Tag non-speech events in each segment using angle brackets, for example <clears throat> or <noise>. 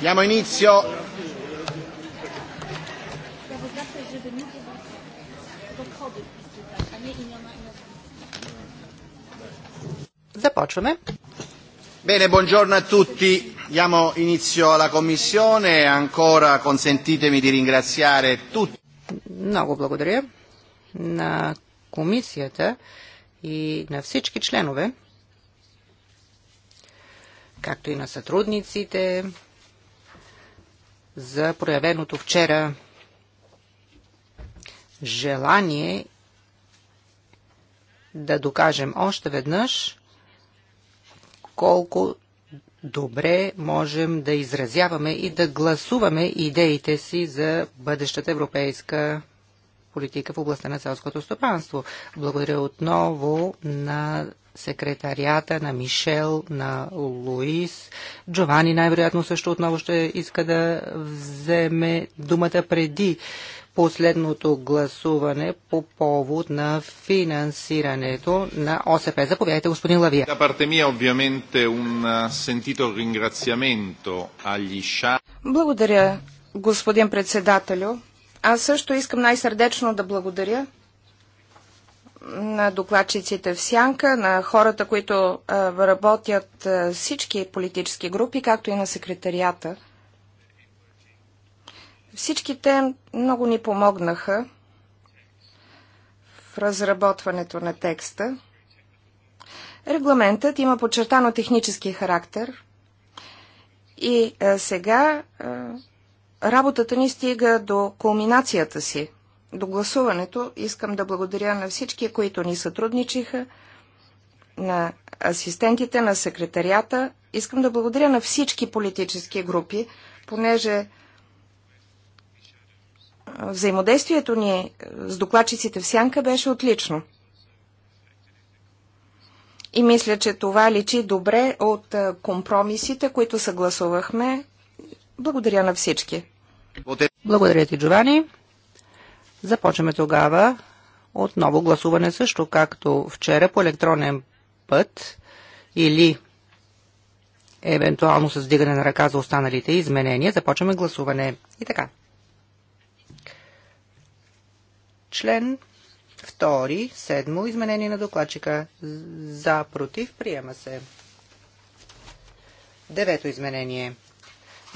Diamo inizio. Започваме. Bene, buongiorno a tutti. Diamo inizio alla commissione. Ancora consentitemi di ringraziare tutti. Много благодаря на комисията и на всички членове, както и на сътрудниците, за проявеното вчера желание да докажем още веднъж колко добре можем да изразяваме и да гласуваме идеите си за бъдещата европейска политика в областта на селското стопанство. Благодаря отново на секретарията, на Мишел, на Луис. Джовани най-вероятно също отново ще иска да вземе думата преди последното гласуване по повод на финансирането на ОСП. Заповядайте, господин Лавия. Eh, благодаря, господин председателю. Аз също искам най-сърдечно да благодаря на докладчиците в Сянка, на хората, които работят всички политически групи, както и на секретарията. Всичките много ни помогнаха в разработването на текста. Регламентът има подчертано технически характер и сега работата ни стига до кулминацията си до гласуването. Искам да благодаря на всички, които ни сътрудничиха, на асистентите, на секретарията. Искам да благодаря на всички политически групи, понеже взаимодействието ни с докладчиците в Сянка беше отлично. И мисля, че това личи добре от компромисите, които съгласувахме. Благодаря на всички. Благодаря ти, Джовани. Започваме тогава отново гласуване също, както вчера по електронен път или евентуално с дигане на ръка за останалите изменения. Започваме гласуване. И така. Член 2, седмо изменение на докладчика. За, против, приема се. Девето изменение.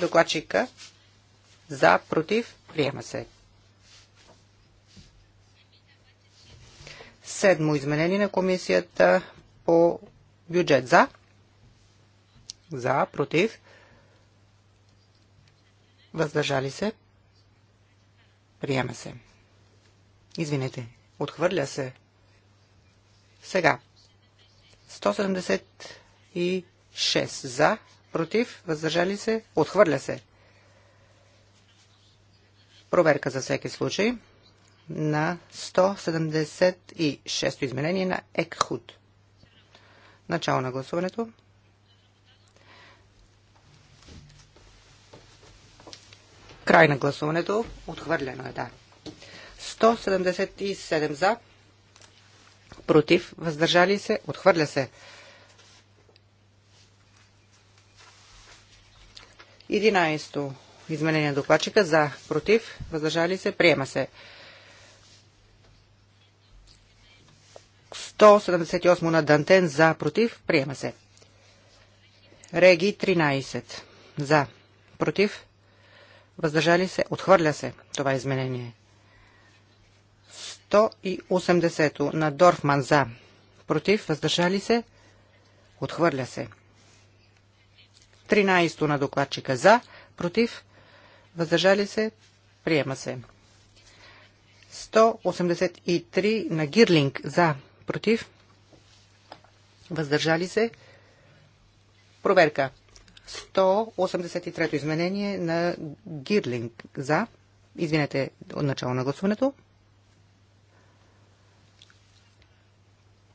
Докладчика. За, против, приема се. Седмо изменение на комисията по бюджет. За? За, против? Въздържали се? Приема се. Извинете, отхвърля се. Сега. 176 за, против, въздържали се, отхвърля се. Проверка за всеки случай на 176-то изменение на ЕКХУД. Начало на гласуването. Край на гласуването. Отхвърлено е, да. 177 за. Против. Въздържали се. Отхвърля се. 11. то Изменение на докладчика. За. Против. Въздържали се. Приема се. 178 на Дантен за, против, приема се. Реги 13 за, против, въздържали се, отхвърля се това изменение. 180 на Дорфман за, против, въздържали се, отхвърля се. 13 на докладчика за, против, въздържали се, приема се. 183 на Гирлинг за, против, въздържали се. Проверка. 183-то изменение на Гирлинг за. Извинете, от начало на гласуването.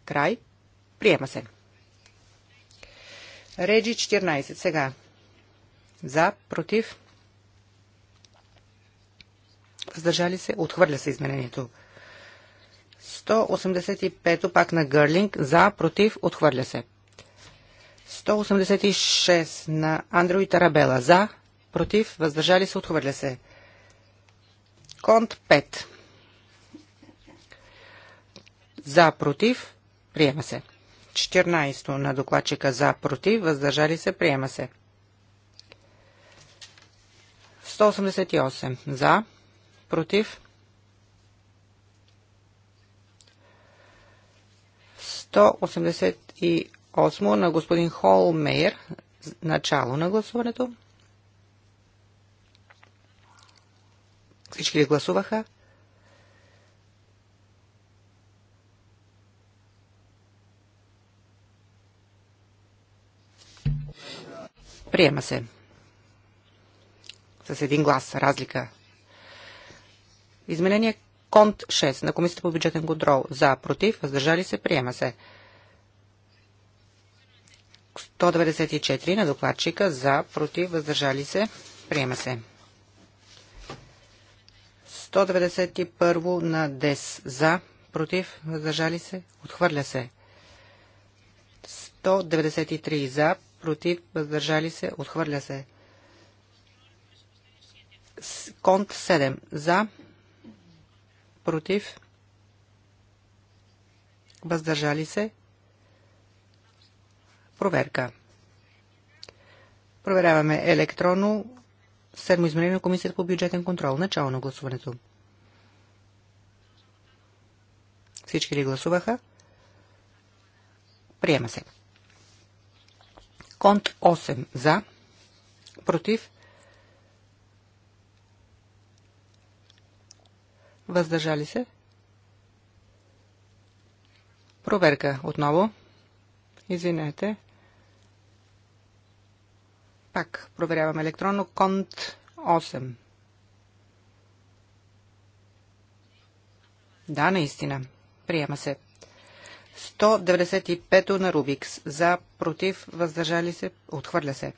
Край. Приема се. Реджи 14. Сега. За, против. Въздържали се. Отхвърля се изменението. 185 пак на Гърлинг. За, против, отхвърля се. 186 на Андро и Тарабела. За, против, въздържали се, отхвърля се. Конт 5. За, против, приема се. 14 на докладчика за, против, въздържали се, приема се. 188 за, против, 188 на господин Холмейер. Начало на гласуването. Всички ли гласуваха? Приема се. С един глас разлика. Изменение Конт 6 на Комисията по бюджетен контрол. За, против, въздържали се, приема се. 194 на докладчика. За, против, въздържали се, приема се. 191 на ДЕС. За, против, въздържали се, отхвърля се. 193 за, против, въздържали се, отхвърля се. Конт 7 за, против, въздържали се, проверка. Проверяваме електронно седмо изменение на Комисията по бюджетен контрол. Начало на гласуването. Всички ли гласуваха? Приема се. Конт 8 за, против, Въздържали се? Проверка отново. Извинете. Пак проверявам електронно. Конт 8. Да, наистина. Приема се. 195 на Рубикс. За, против, въздържали се, отхвърля се.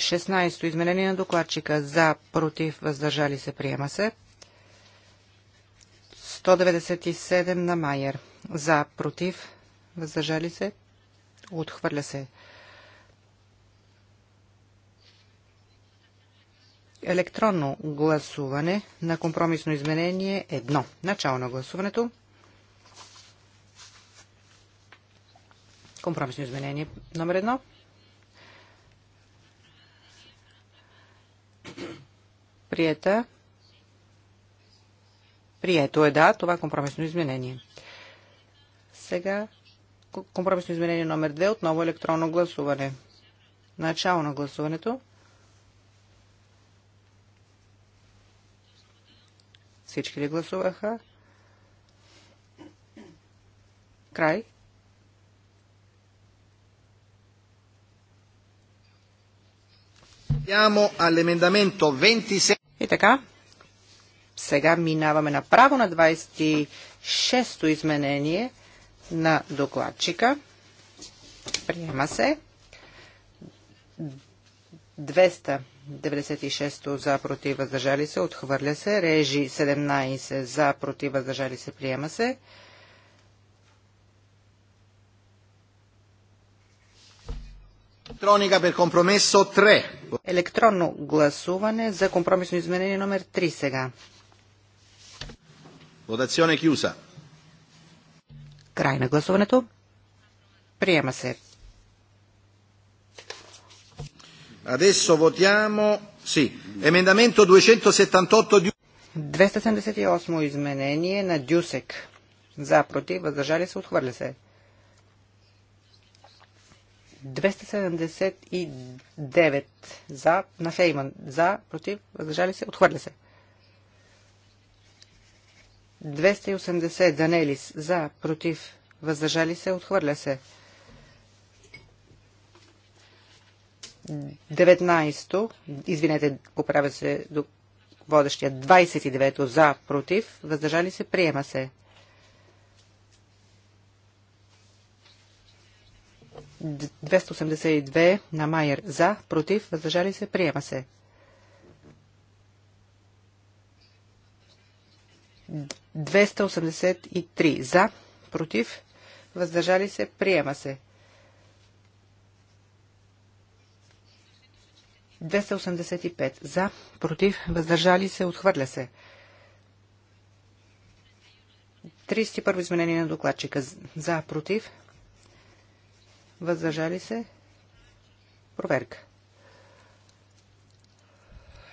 16-то изменение на докладчика за, против, въздържали се, приема се. 197 на Майер. За, против, въздържали се, отхвърля се. Електронно гласуване на компромисно изменение 1. Начало на гласуването. Компромисно изменение номер 1. приета. Прието е, да, това е компромисно изменение. Сега компромисно изменение номер 2, отново електронно гласуване. Начало на гласуването. Всички ли гласуваха? Край. Siamo all'emendamento 26. И така, сега минаваме направо на 26-то изменение на докладчика. Приема се. 296 за против въздържали се, отхвърля се. Режи 17 за против въздържали се, приема се. Електроника per compromesso 3. Електронно гласуване за компромисно изменение номер 3 сега. Водационе кюса. Край на гласуването. Приема се. Adesso votiamo, sì, emendamento 278 di 278 изменение на Дюсек. За, против, въздържали се, отхвърля се. 279 за, на Фейман, за, против, въздържали се, отхвърля се. 280 Данелис, за, против, въздържали се, отхвърля се. 19, извинете, поправя се до водещия, 29 за, против, въздържали се, приема се. 282 на Майер. За, против, въздържали се, приема се. 283 за, против, въздържали се, приема се. 285 за, против, въздържали се, отхвърля се. 31 изменение на докладчика за, против, въздържали се, проверка.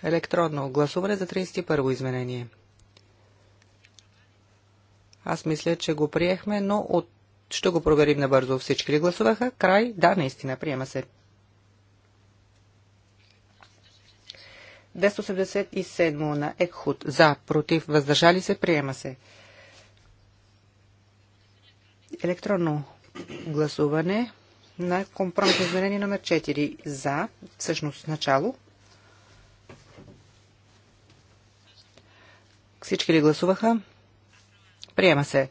Електронно гласуване за 31-во изменение. Аз мисля, че го приехме, но от... ще го проверим набързо. Всички ли гласуваха? Край? Да, наистина, приема се. 287 на Екхуд. За, против, въздържали се, приема се. Електронно гласуване на компромисно изменение номер 4. За, всъщност начало. Всички ли гласуваха? Приема се.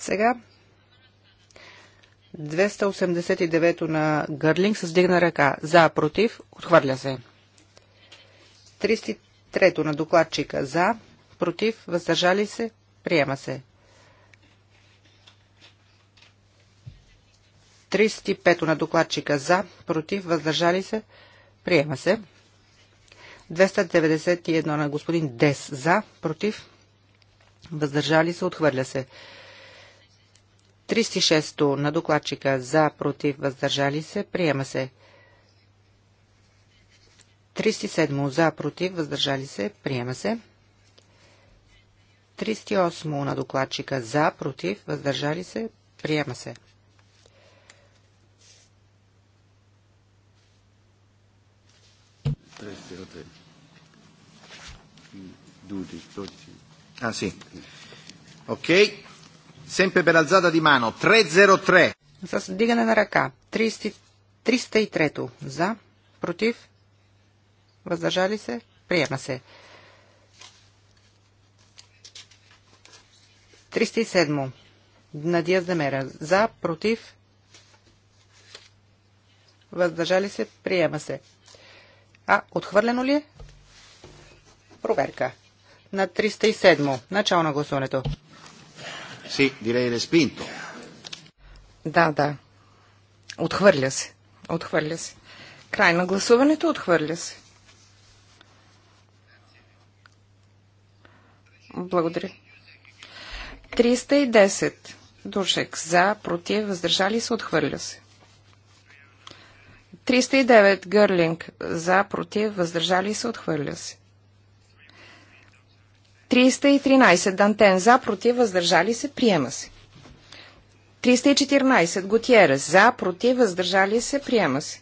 Сега 289 на Гърлинг с дигна ръка. За, против, отхвърля се. 303 на докладчика. За, против, въздържали се, приема се. 35 на докладчика за, против, въздържали се, приема се. 291 на господин Дес за, против, въздържали се, отхвърля се. 36 на докладчика за, против, въздържали се, приема се. 37 за, против, въздържали се, приема се. 38 на докладчика за, против, въздържали се, приема се. 12, 12. Ah sì. Ok. Sempre per alzata di mano. 303. С дигане на ръка. 30, 303. За. Против. Въздържали се. Приема се. 307. Надия Демера. За. Против. Въздържали се. Приема се. А, отхвърлено ли е? Проверка. На 307. Начало на гласуването. Си, дирей респинто. Да, да. Отхвърля се. Отхвърля се. Край на гласуването отхвърля се. Благодаря. 310. Душек за, против, въздържали се, отхвърля се. 309 Гърлинг за, против, въздържали се, отхвърля се. 313 Дантен за, против, въздържали се, приема се. 314 Готиерес за, против, въздържали се, приема се.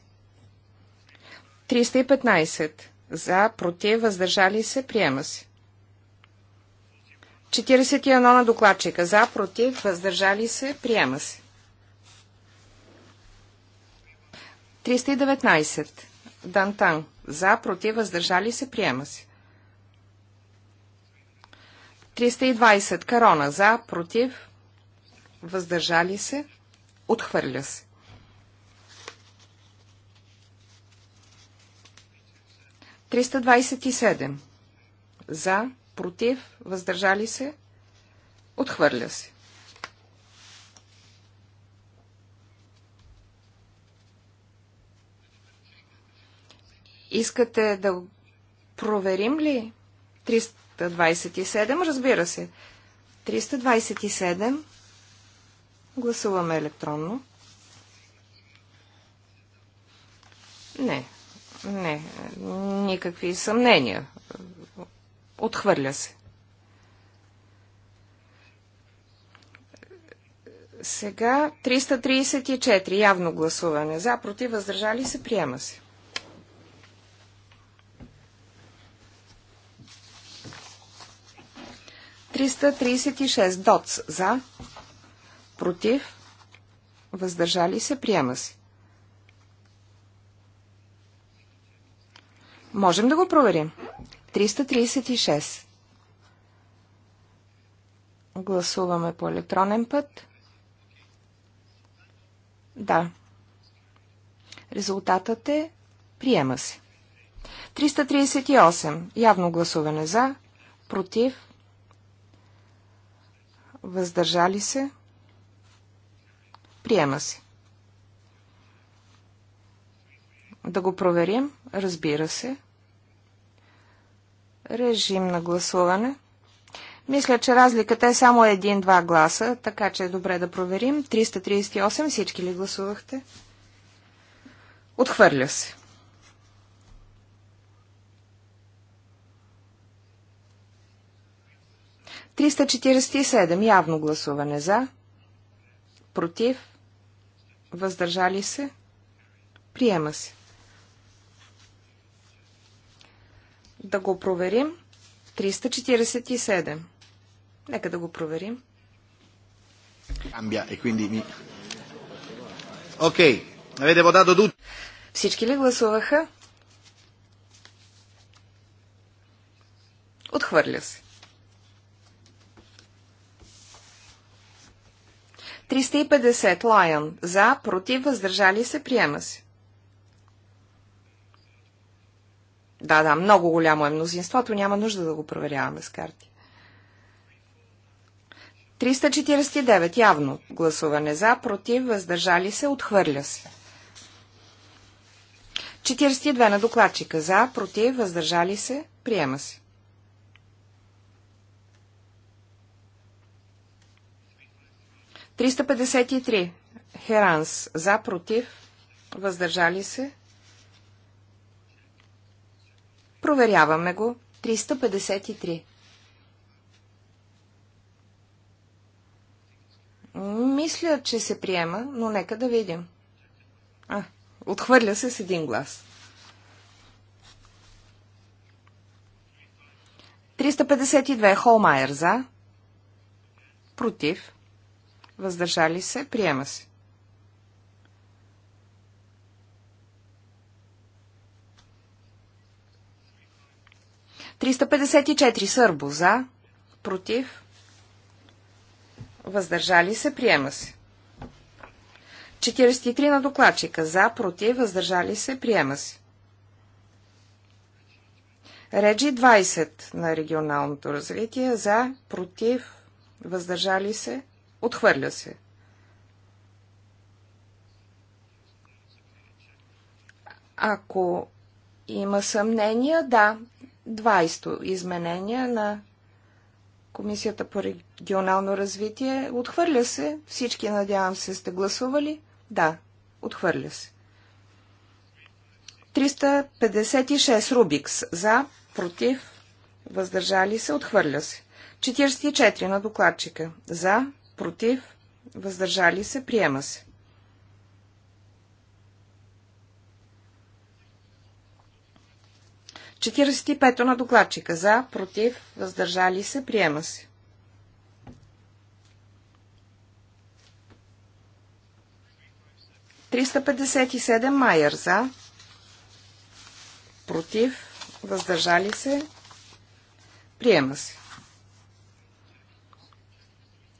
315 за, против, въздържали се, приема се. 41 на докладчика за, против, въздържали се, приема се. 319. Дантан. За, против, въздържали се, приема се. 320. Карона. За, против, въздържали се, отхвърля се. 327. За, против, въздържали се, отхвърля се. Искате да проверим ли 327? Разбира се. 327. Гласуваме електронно. Не, не, никакви съмнения. Отхвърля се. Сега 334. Явно гласуване. За, против, въздържали се, приема се. 336 ДОЦ за, против, въздържали се, приема се. Можем да го проверим. 336. Гласуваме по електронен път. Да. Резултатът е приема се. 338. Явно гласуване за, против, въздържали се, приема се. Да го проверим, разбира се. Режим на гласуване. Мисля, че разликата е само един-два гласа, така че е добре да проверим. 338 всички ли гласувахте? Отхвърля се. 347. Явно гласуване за. Против. Въздържали се. Приема се. Да го проверим. 347. Нека да го проверим. Окей. E Всички ли гласуваха? Отхвърля се. 350 Лайон. За, против, въздържали се, приема се. Да, да, много голямо е мнозинството, няма нужда да го проверяваме с карти. 349 явно гласуване за, против, въздържали се, отхвърля се. 42 на докладчика за, против, въздържали се, приема се. 353. Херанс. За, против, въздържали се. Проверяваме го. 353. Мисля, че се приема, но нека да видим. А, отхвърля се с един глас. 352. Холмайер за. Против въздържали се, приема се. Триста сърбо за, против, въздържали се, приема се. 43 на докладчика за, против, въздържали се, приема се. Реджи 20 на регионалното развитие за, против, въздържали се, Отхвърля се. Ако има съмнения, да, 20 изменения на Комисията по регионално развитие. Отхвърля се. Всички, надявам се, сте гласували. Да, отхвърля се. 356 Рубикс. За, против, въздържали се, отхвърля се. 44 на докладчика. За, против, въздържали се, приема се. Четиридесет и пето на докладчика. За, против, въздържали се, приема се. Триста петдесет и седем Майер. За, против, въздържали се, приема се.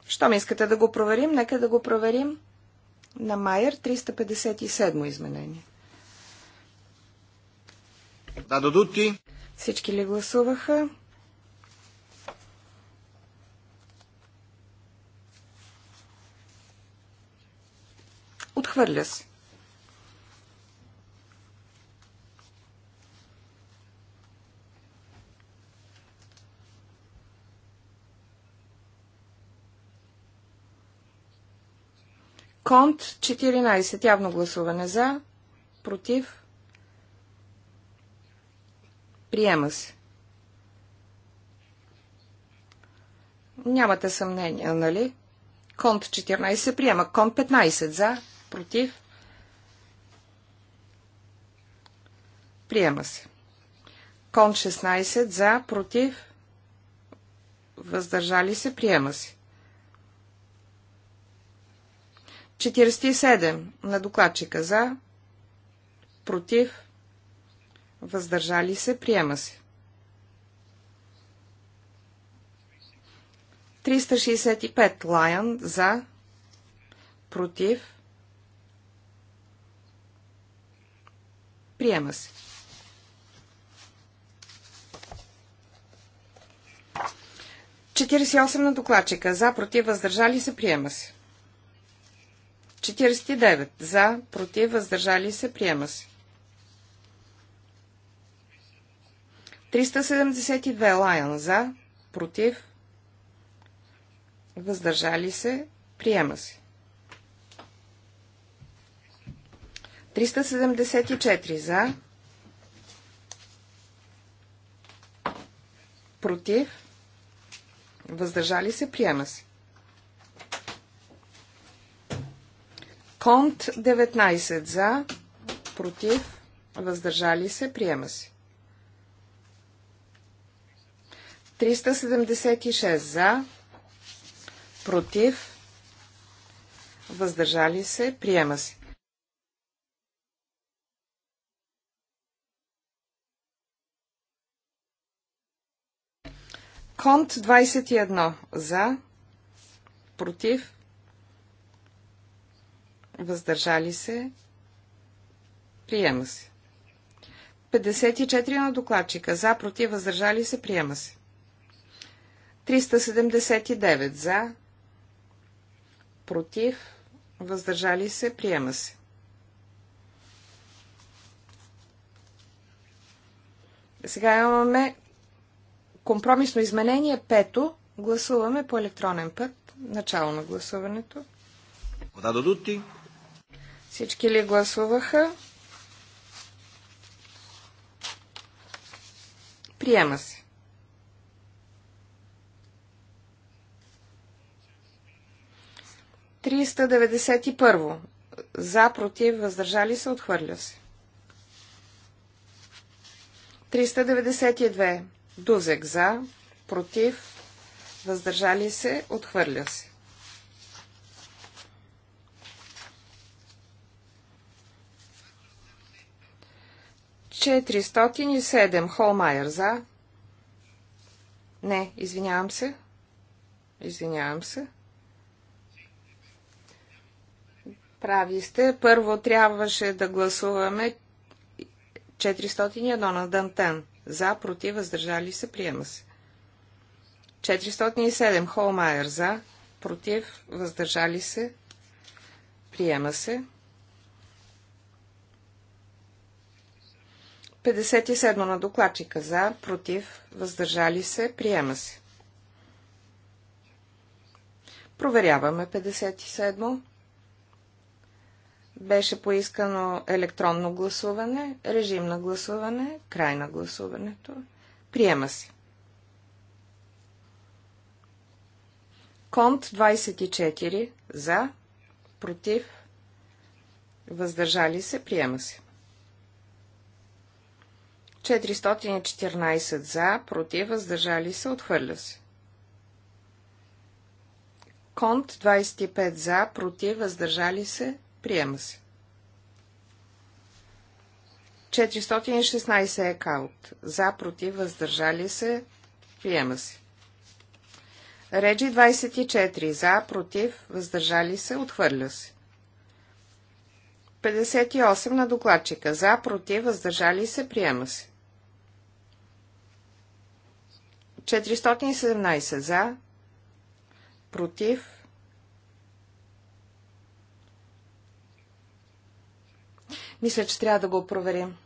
Щом искате да го проверим, нека да го проверим на Майер 357 изменение. Да, додути. Всички ли гласуваха? Отхвърля се. Конт 14. Явно гласуване за. Против. Приема се. Нямате съмнение, нали? Конт 14 се приема. Конт 15 за. Против. Приема се. Конт 16 за. Против. Въздържали се. Приема се. 47 на докладчика за, против, въздържали се, приема се. 365 Лайън за, против, приема се. 48 на докладчика за, против, въздържали се, приема се. 49. За, против, въздържали се, приема се. 372. Лайон. За, против, въздържали се, приема се. 374. За, против, въздържали се, приема се. Конт 19 за, против, въздържали се, приема се. 376 за, против, въздържали се, приема се. Конт 21 за, против, въздържали се, приема се. 54 на докладчика, за, против, въздържали се, приема се. 379 за, против, въздържали се, приема се. Сега имаме компромисно изменение пето. Гласуваме по електронен път. Начало на гласуването. Votato Дути? Всички ли гласуваха? Приема се. Триста първо. За, против, въздържали се, отхвърля се. 392. Дузек за, против, въздържали се, отхвърля се. 407. Холмайер за. Не, извинявам се. Извинявам се. Прави сте. Първо трябваше да гласуваме 401 на Дантен. За, против, въздържали се, приема се. 407 Холмайер за, против, въздържали се, приема се. 57 на докладчика за, против, въздържали се, приема се. Проверяваме 57. Беше поискано електронно гласуване, режим на гласуване, край на гласуването. Приема се. Конт 24 за, против, въздържали се, приема се. 414 за, против, въздържали се, отхвърля се. Конт 25 за, против, въздържали се, приема се. 416 е каут. За, против, въздържали се, приема се. Реджи 24. За, против, въздържали се, отхвърля се. 58 на докладчика. За, против, въздържали се, приема се. 417 за, против, мисля, че трябва да го проверим.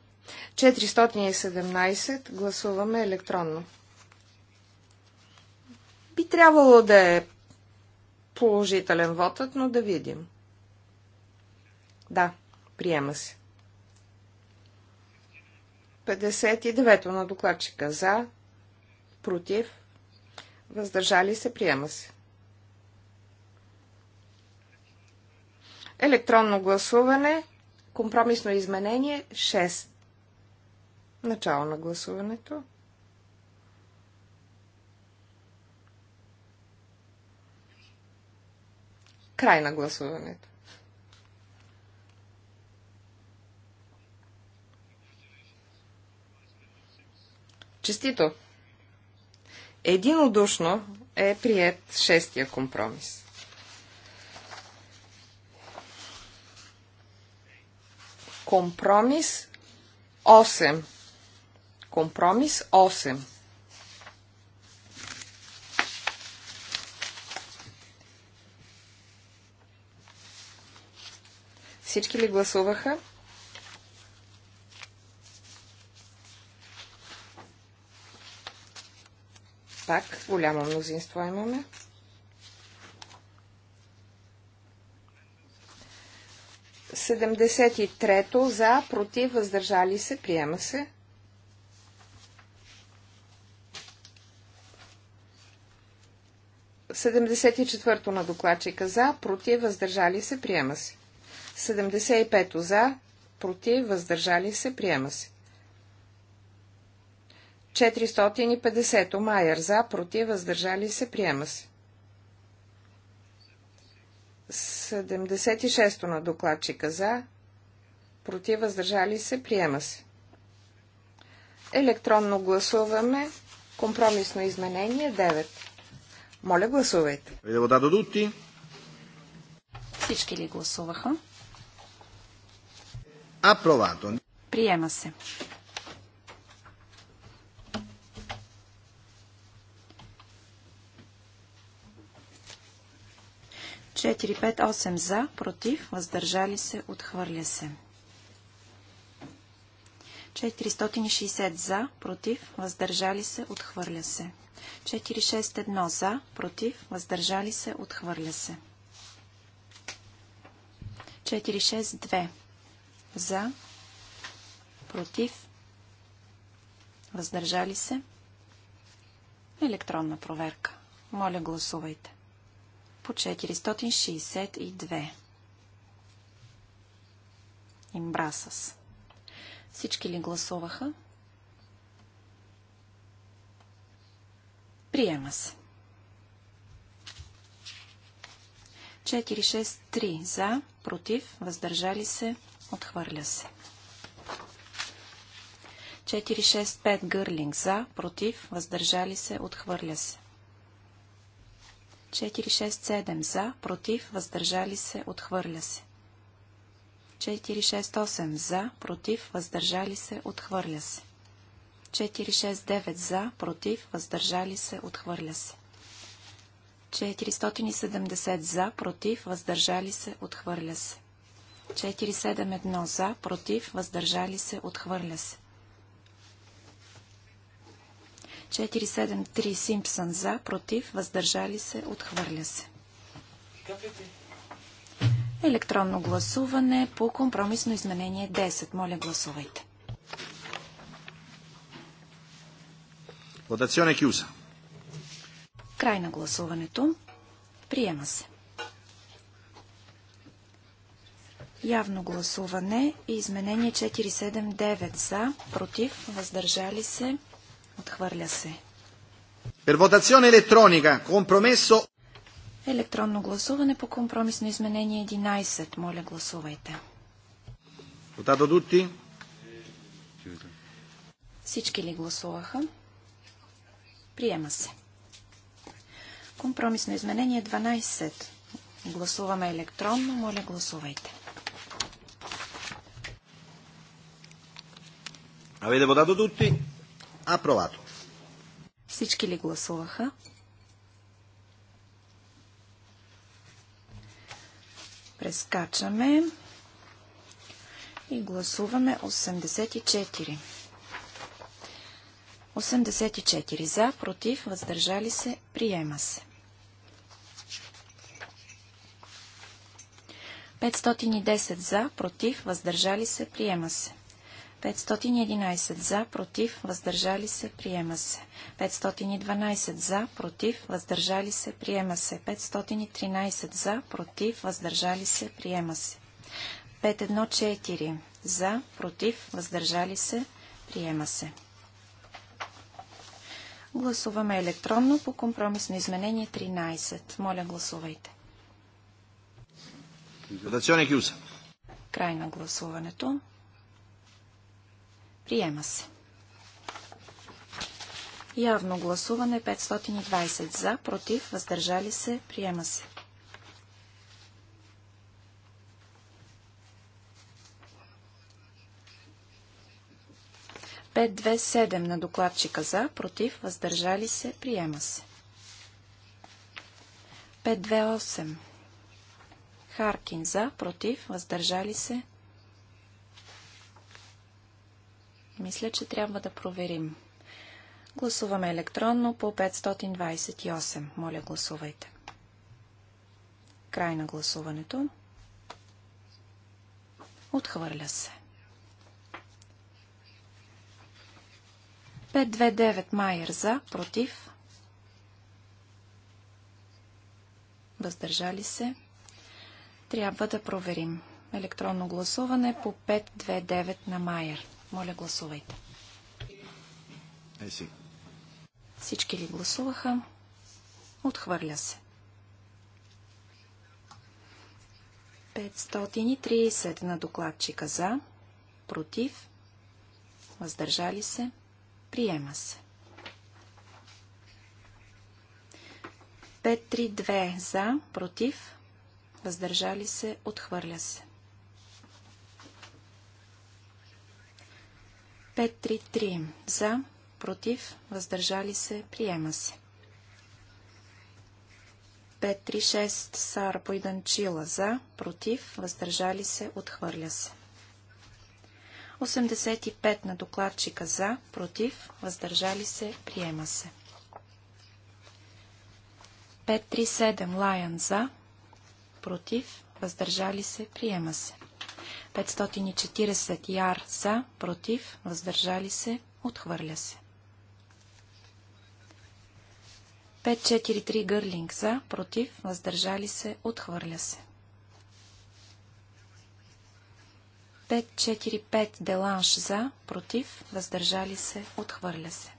417 гласуваме електронно. Би трябвало да е положителен вотът, но да видим. Да, приема се. 59 на докладчика за, против, въздържали се, приема се. Електронно гласуване, компромисно изменение 6. Начало на гласуването. Край на гласуването. Честито! единодушно е прият шестия компромис. Компромис 8. Компромис 8. Всички ли гласуваха? Пак голямо мнозинство имаме. Седемдесет и трето за, против, въздържали се, приема се. Седемдесет и четвърто на докладчика за, против, въздържали се, приема се. 75 за, против, въздържали се, приема се. 450. Майер за, против, въздържали се, приема се. 76 на докладчика за, против, въздържали се, приема се. Електронно гласуваме. Компромисно изменение 9. Моля, гласувайте. Видео да дадути. Всички ли гласуваха? Апровато. Приема се. 458 за, против, въздържали се, отхвърля се. 460 за, против, въздържали се, отхвърля се. 461 за, против, въздържали се, отхвърля се. 462 за, против, въздържали се. Електронна проверка. Моля, гласувайте по 462. Имбрасас. Всички ли гласуваха? Приема се. 463 за, против, въздържали се, отхвърля се. 465 гърлинг за, против, въздържали се, отхвърля се. 467 за, против, въздържали се, отхвърля се. 468 за, против, въздържали се, отхвърля се. 469 за, против, въздържали се, отхвърля се. 470 за, против, въздържали се, отхвърля се. 471 за, против, въздържали се, отхвърля се. 472 473 Симпсън за, против, въздържали се, отхвърля се. Електронно гласуване по компромисно изменение 10. Моля, гласувайте. Водационе chiusa. Край на гласуването. Приема се. Явно гласуване и изменение 479 за, против, въздържали се, Отхвърля се. Per votazione elettronica, compromesso... Електронно гласуване по компромисно изменение 11. Моля, гласувайте. Votato tutti? Всички ли гласуваха? Приема се. Компромисно изменение 12. Гласуваме електронно. Моля, гласувайте. Avete votato tutti? Апровато. Всички ли гласуваха? Прескачаме и гласуваме 84. 84 за, против, въздържали се, приема се. 510 за, против, въздържали се, приема се. 511 за, против, въздържали се, приема се. 512 за, против, въздържали се, приема се. 513 за, против, въздържали се, приема се. 514 за, против, въздържали се, приема се. Гласуваме електронно по компромисно изменение 13. Моля, гласувайте. Край на гласуването. Приема се. Явно гласуване 520 за, против, въздържали се, приема се. Пет две седем на докладчика за, против, въздържали се, приема се. 528. Харкин за, против, въздържали се, Мисля, че трябва да проверим. Гласуваме електронно по 528. Моля, гласувайте. Край на гласуването. Отхвърля се. 529 Майер за, против. Въздържали се. Трябва да проверим. Електронно гласуване по 529 на Майер. Моля, гласувайте. Всички ли гласуваха? Отхвърля се. 530 на докладчика за, против, въздържали се, приема се. 532 за, против, въздържали се, отхвърля се. 533 за, против, въздържали се, приема се. 536 Сара Пойданчила за, против, въздържали се, отхвърля се. 85 на докладчика за, против, въздържали се, приема се. 537 лаян за, против, въздържали се, приема се. 538 540 яр са, против, въздържали се, отхвърля се. 543 гърлинг за, против, въздържали се, отхвърля се. 545 деланш за, против, въздържали се, отхвърля се.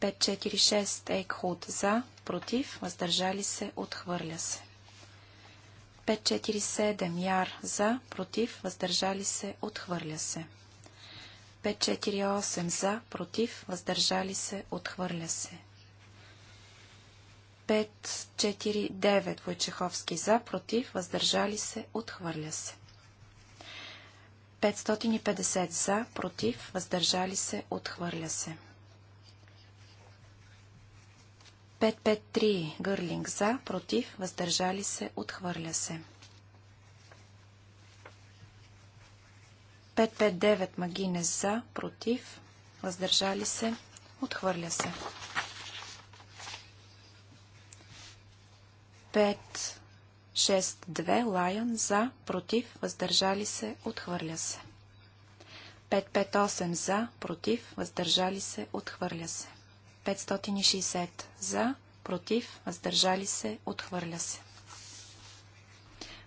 546 екхуд за, против, въздържали се, отхвърля се. 547 яр за, против, въздържали се, отхвърля се. 548 за, против, въздържали се, отхвърля се. 549 Войчеховски за, против, въздържали се, отхвърля се. 550 за, против, въздържали се, отхвърля се. 551 553 Гърлинг за, против, въздържали се, отхвърля се. 559 Магине за, против, въздържали се, отхвърля се. 562 Лайон за, против, въздържали се, отхвърля се. 558 за, против, въздържали се, отхвърля се. 560 за, против, въздържали се, отхвърля се.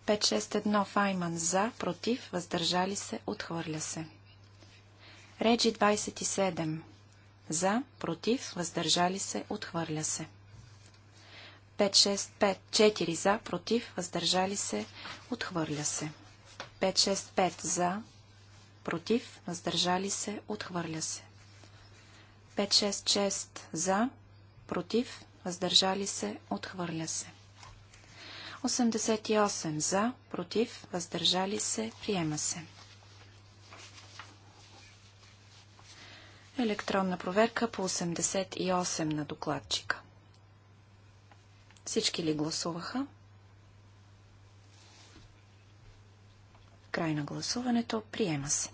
561 Файман за, против, въздържали се, отхвърля се. Реджи 27 за, против, въздържали се, отхвърля се. 565 4 за, против, въздържали се, отхвърля се. 565 за, против, въздържали се, отхвърля се. 566 за, против, въздържали се, отхвърля се. 88 за, против, въздържали се, приема се. Електронна проверка по 88 на докладчика. Всички ли гласуваха? Край на гласуването. Приема се.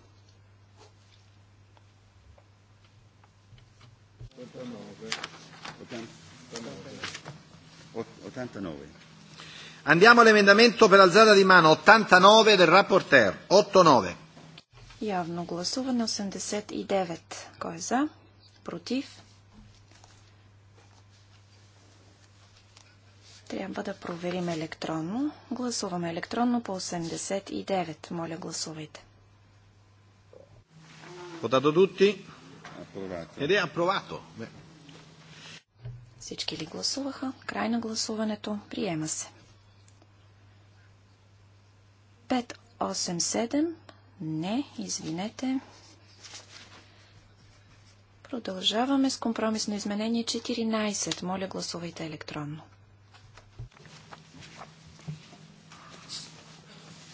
89. Andiamo all'emendamento per alzata di mano 89 del rapporteur. 89. Явно гласуване 89. Кой е за? Против? Трябва да проверим електронно. Гласуваме електронно по 89. Моля, гласувайте. Подадо дути. Ed è approvato. Всички ли гласуваха? Край на гласуването. Приема се. 587. Не, извинете. Продължаваме с компромисно изменение 14. Моля, гласувайте електронно.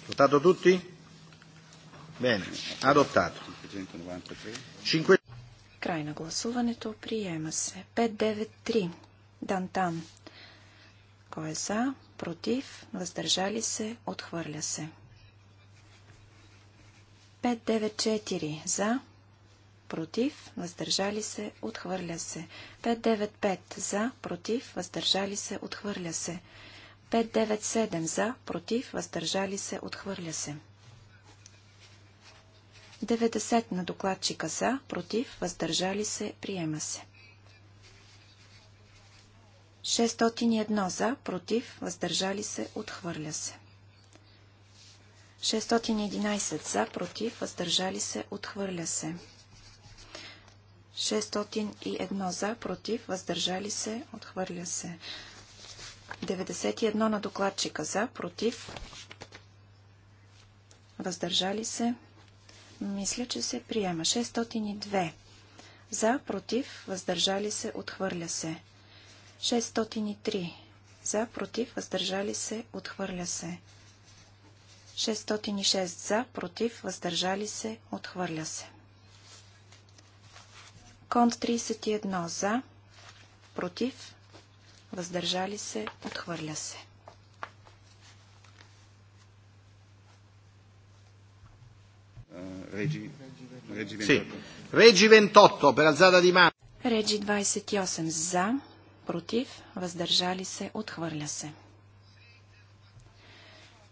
Votato tutti? Bene, adottato. 593. Край на гласуването. Приема се. 593. Дантан. Кой е за? Против? Въздържали се? Отхвърля се. 594. За? Против? Въздържали се? Отхвърля се. 595. За? Против? Въздържали се? Отхвърля се. 597. За? Против? Въздържали се? Отхвърля се. 90 на докладчика за, против, въздържали се, приема се. 601 за, против, въздържали се, отхвърля се. 611 за, против, въздържали се, отхвърля се. 601 за, против, въздържали се, отхвърля се. 91 на докладчика за, против, въздържали се, отхвърля се. Мисля, че се приема. 602. За, против, въздържали се, отхвърля се. 603. За, против, въздържали се, отхвърля се. 606. За, против, въздържали се, отхвърля се. Конт 31. За, против, въздържали се, отхвърля се. Regi, Regi 28. Regi 28 per alzata di mano. Реги 28 за, против, въздържали се, отхвърля се.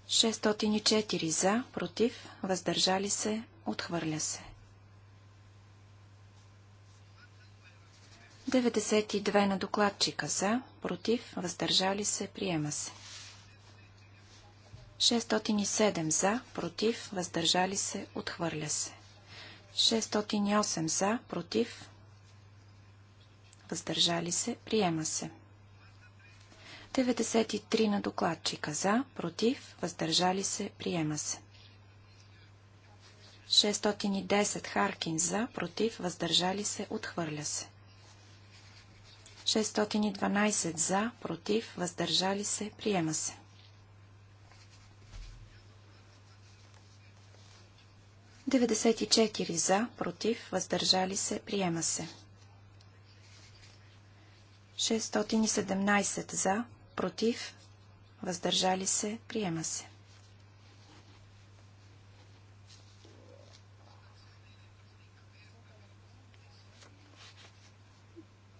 604 за, против, въздържали се, отхвърля се. 92 на докладчика за, против, въздържали се, приема се. 607 за, против, въздържали се, отхвърля се. 608 за, против, въздържали се, приема се. 93 на докладчика за, против, въздържали се, приема се. 610 Харкин за, против, въздържали се, отхвърля се. 612 за, против, въздържали се, приема се. 94 за, против, въздържали се, приема се. 617 за, против, въздържали се, приема се.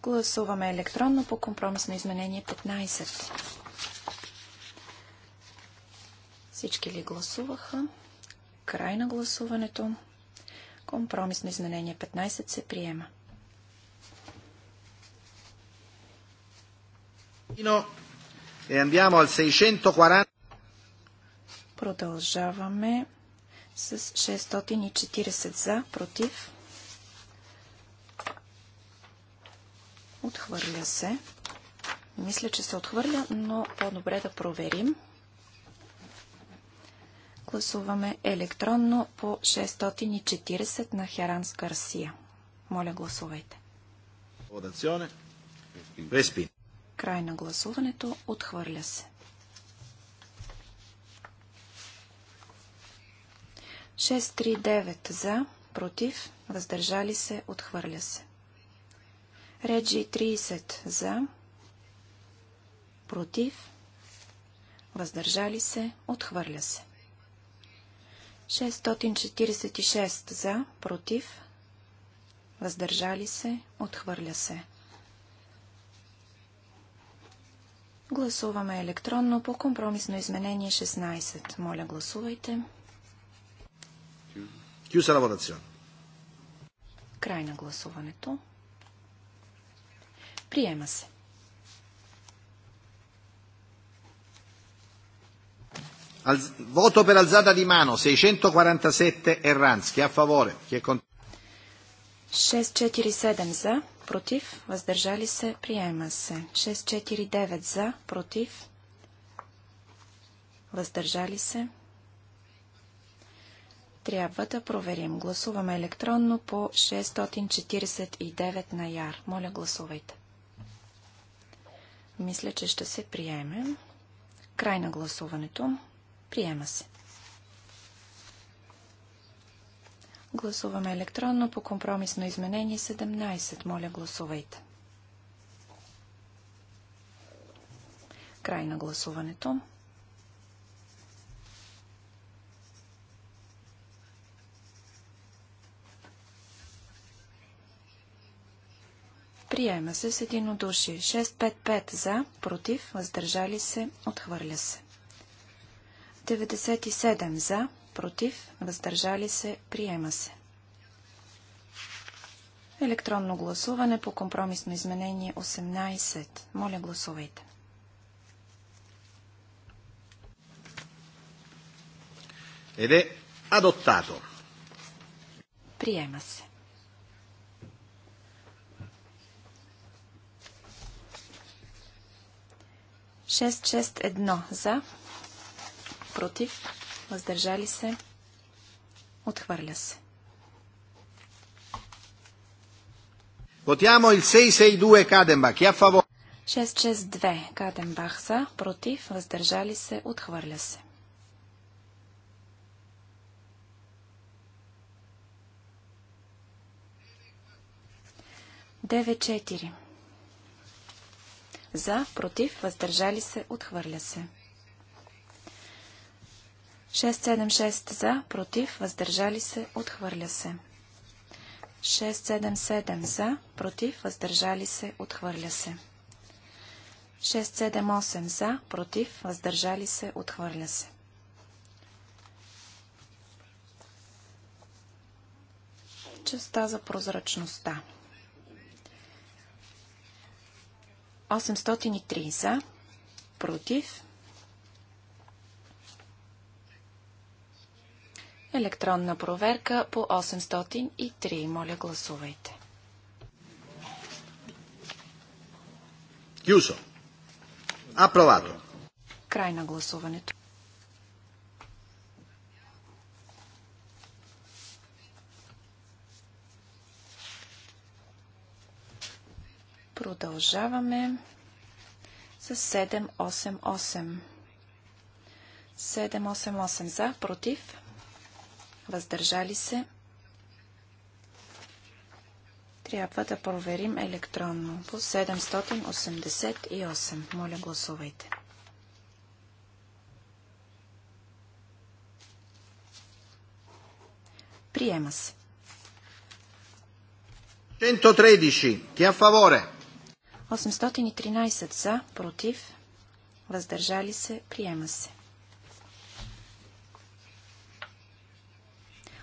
Гласуваме електронно по компромисно изменение 15. Всички ли гласуваха? Край на гласуването. Компромисно изменение 15 се приема. E Продължаваме с 640 за, против. Отхвърля се. Мисля, че се отхвърля, но по-добре да проверим. Гласуваме електронно по 640 на Херанс Гарсия. Моля, гласувайте. Край на гласуването. Отхвърля се. 639 за, против, въздържали се, отхвърля се. Реджи 30 за, против, въздържали се, отхвърля се. 646 за, против, въздържали се, отхвърля се. Гласуваме електронно по компромисно изменение 16. Моля, гласувайте. Край на гласуването. Приема се. Al, voto per alzata di mano 647 Erranz. Chi è a favore? Chi è contro? 647 за, против, въздържали се, приема се. 649 за, против, въздържали се. Трябва да проверим. Гласуваме електронно по 649 на яр. Моля, гласувайте. Мисля, че ще се приеме. Край на гласуването. Приема се. Гласуваме електронно по компромисно изменение 17. Моля, гласувайте. Край на гласуването. Приема се с единодушие. 655 за, против, въздържали се, отхвърля се. 97 за, против, въздържали се, приема се. Електронно гласуване по компромисно изменение 18. Моля, гласувайте. Еде адоптато. Приема се. Шест, шест, едно за, против, въздържали се, отхвърля се. Votiamo il 662 Каденбах. Chi a favore? 662 Каденбах са, против, въздържали се, отхвърля се. ДВ4 За, против, въздържали се, отхвърля се. 676 за, против, въздържали се, отхвърля се. 677 за, против, въздържали се, отхвърля се. 678 за, против, въздържали се, отхвърля се. Частта за прозрачността. 803 за, против, Електронна проверка по 803. Моля, гласувайте. Chiuso. Approvato. Край на гласуването. Продължаваме с 788. 788 за, против, въздържали се. Трябва да проверим електронно по 788. Моля, гласувайте. Приема се. 113. Chi Тя фаворе. 813 за, против, въздържали се, приема се.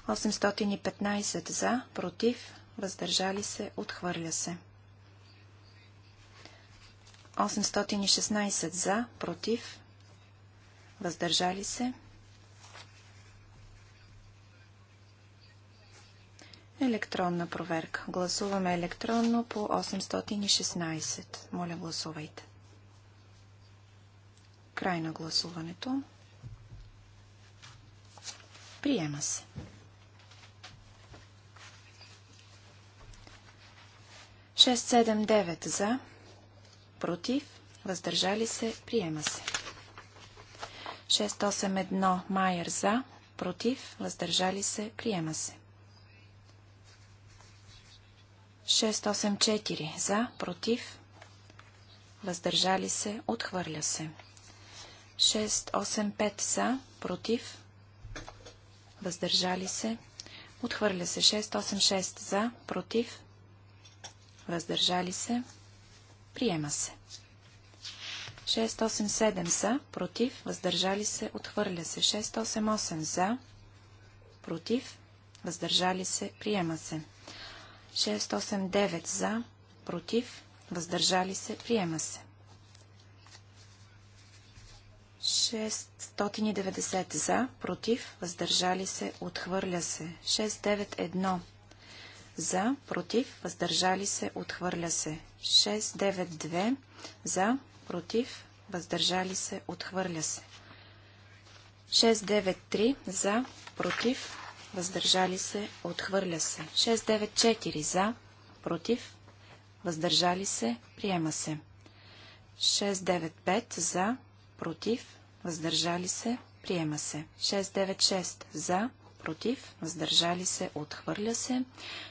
815 за, против, въздържали се, отхвърля се. 816 за, против, въздържали се. Електронна проверка. Гласуваме електронно по 816. Моля, гласувайте. Край на гласуването. Приема се. 679 за, против, въздържали се, приема се. 681 Майер за, против, въздържали се, приема се. 684 за, против, въздържали се, отхвърля се. 685 за, против, въздържали се, отхвърля се. 686 за, против, въздържали се, приема се. 687 за, против, въздържали се, отхвърля се. 688 за, против, въздържали се, приема се. 689 за, против, въздържали се, приема се. 690 за, против, въздържали се, отхвърля се. 691 за, против, въздържали се, отхвърля се. 692 за, против, въздържали се, отхвърля се. 693 за, против, въздържали се, отхвърля се. 694 за, против, въздържали се, приема се. 695 за, против, въздържали се, приема се. 696 за, против, въздържали се, отхвърля се.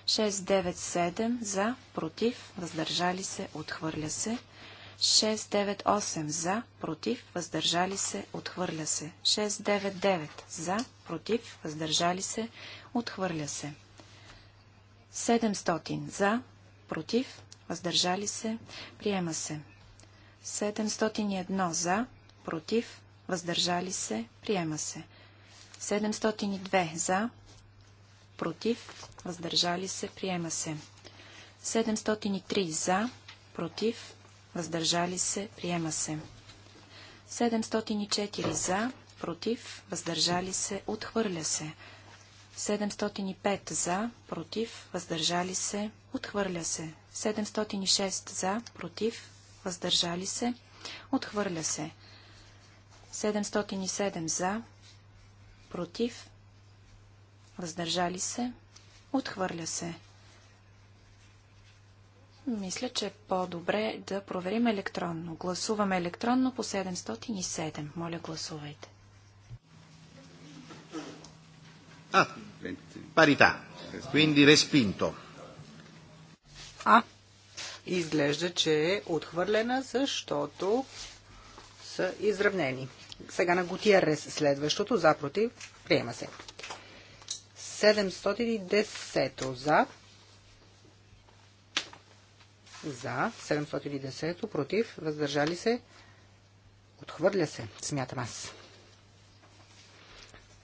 697 за, против, въздържали се, отхвърля се. 698 за, против, въздържали се, отхвърля се. 699 за, против, въздържали се, отхвърля се. 700 за, против, въздържали се, приема се. 701 за, против, въздържали се, приема се. 702 за, против, въздържали се, приема се. 703 за, против, въздържали се, приема се. 704 за, против, въздържали се, отхвърля се. 705 за, против, въздържали се, отхвърля се. 706 за, против, въздържали се, отхвърля се. 707 за, против, въздържали се, отхвърля се. Мисля, че е по-добре да проверим електронно. Гласуваме електронно по 707. Моля, гласувайте. А, парита. Quindi respinto. А, изглежда, че е отхвърлена, защото са изравнени. Сега на Гутиерес следващото. За, против. Приема се. 710 за. За. 710 против. Въздържали се. Отхвърля се. Смятам аз.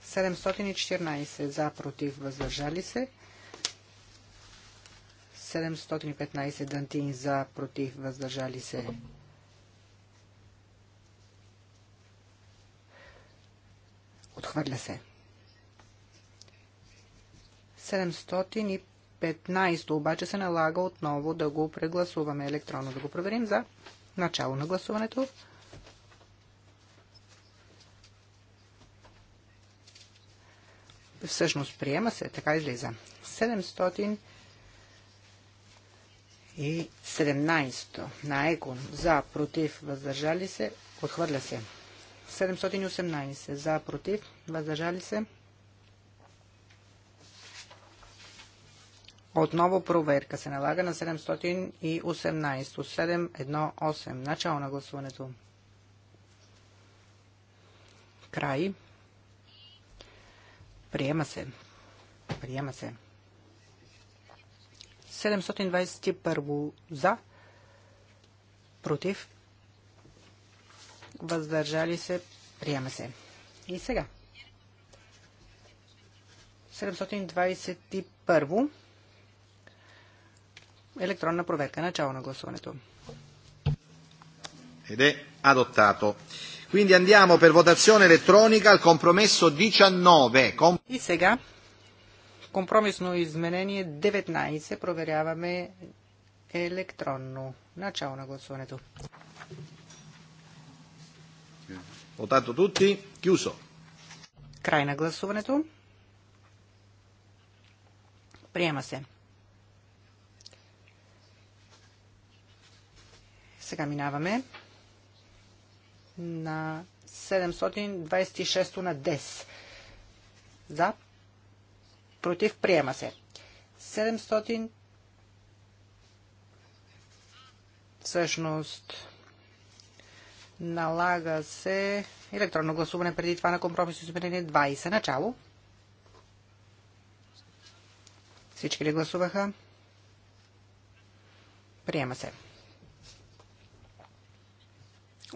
714 за, против, въздържали се. 715 дантин за, против, въздържали се. Отхвърля се. 715 обаче се налага отново да го прегласуваме електронно. Да го проверим за начало на гласуването. Всъщност приема се, така излиза. 700 и 17 на Екон за, против, въздържали се, отхвърля се. 718 за, против, въздържали се. Отново проверка се налага на 718. 718. Начало на гласуването. Край. Приема се. Приема се. 721 за. Против въздържали се, приема се. И сега. 721. Електронна проверка. Начало на гласуването. Ed è е adottato. Quindi andiamo per votazione elettronica al compromesso 19. Com... И сега компромисно изменение 19 проверяваме електронно. Начало на гласуването. Votato tutti. Chiuso. Край на гласуването. Приема се. Сега минаваме на 726 на 10. За. Против. Приема се. 700. Всъщност. Налага се електронно гласуване преди това на с изменение 20. Начало. Всички ли гласуваха? Приема се.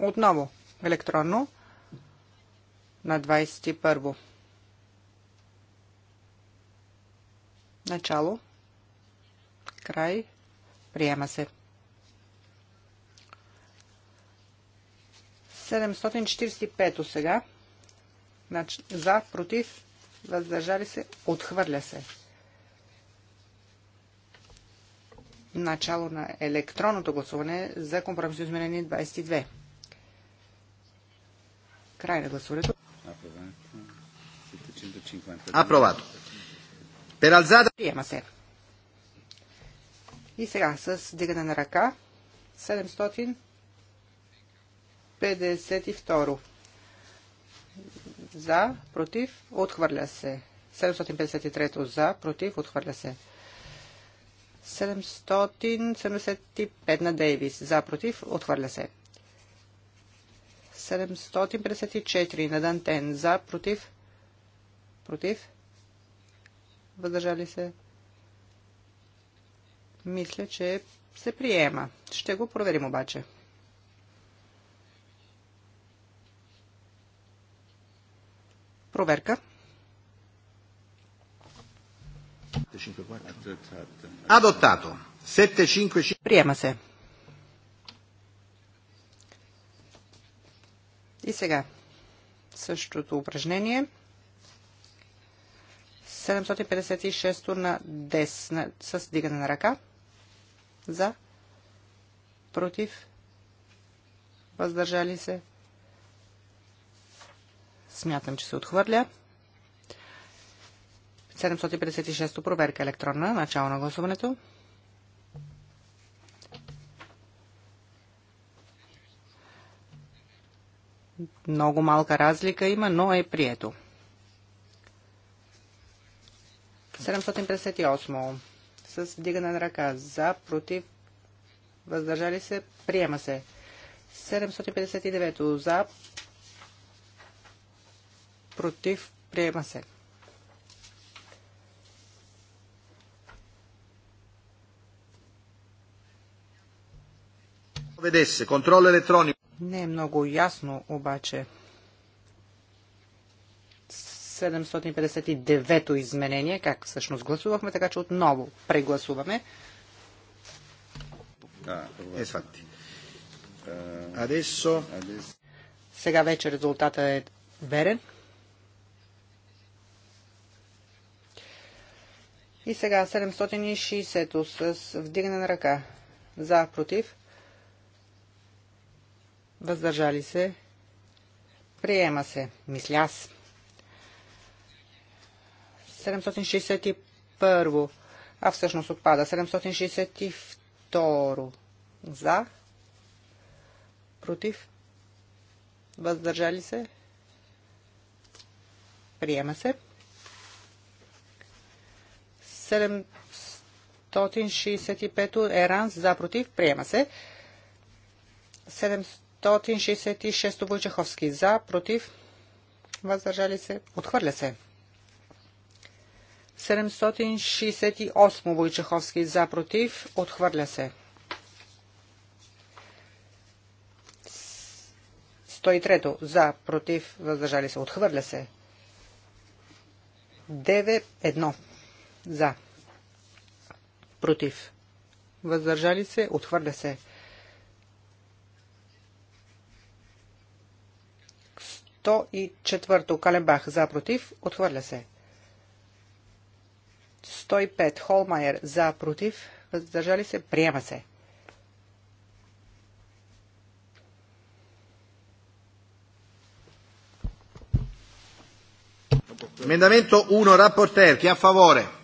Отново електронно на 21. Начало. Край. Приема се. 745 сега. Значи, за, против, въздържали се, отхвърля се. Начало на електронното гласуване за компромисно изменение 22. Край на гласуването. Апровато. Пералзада. Приема се. И сега с дигане на ръка 700 52. За, против, отхвърля се. 753 за, против, отхвърля се. 775 на Дейвис. За, против, отхвърля се. 754 на Дантен. За, против, против, въздържали се. Мисля, че се приема. Ще го проверим обаче. Проверка. Адоптато. 755. Приема се. И сега същото упражнение. 756 на десна с дигане на ръка. За. Против. Въздържали се. Смятам, че се отхвърля. 756 проверка електронна. Начало на гласуването. Много малка разлика има, но е прието. 758. С вдигане на ръка. За, против, въздържали се, приема се. 759. За, против, приема се. Ведесе, контрол електроник. Не е много ясно, обаче. 759-то изменение, как всъщност гласувахме, така че отново прегласуваме. Е Сега вече резултата е верен. И сега 760 с вдигане на ръка. За, против. Въздържали се. Приема се. Мисля аз. 761. А всъщност отпада. 762. За. Против. Въздържали се. Приема се. 765 Еранс за против. Приема се. 766 Войчеховски за против. Въздържали се. Отхвърля се. 768 Войчеховски за против. Отхвърля се. 103 за против. Въздържали се. Отхвърля се. 9-1 за. Против. Въздържали се, отхвърля се. 104 Каленбах за против, отхвърля се. 105 Холмайер за против, въздържали се, приема се. 1, рапортер, chi a favore?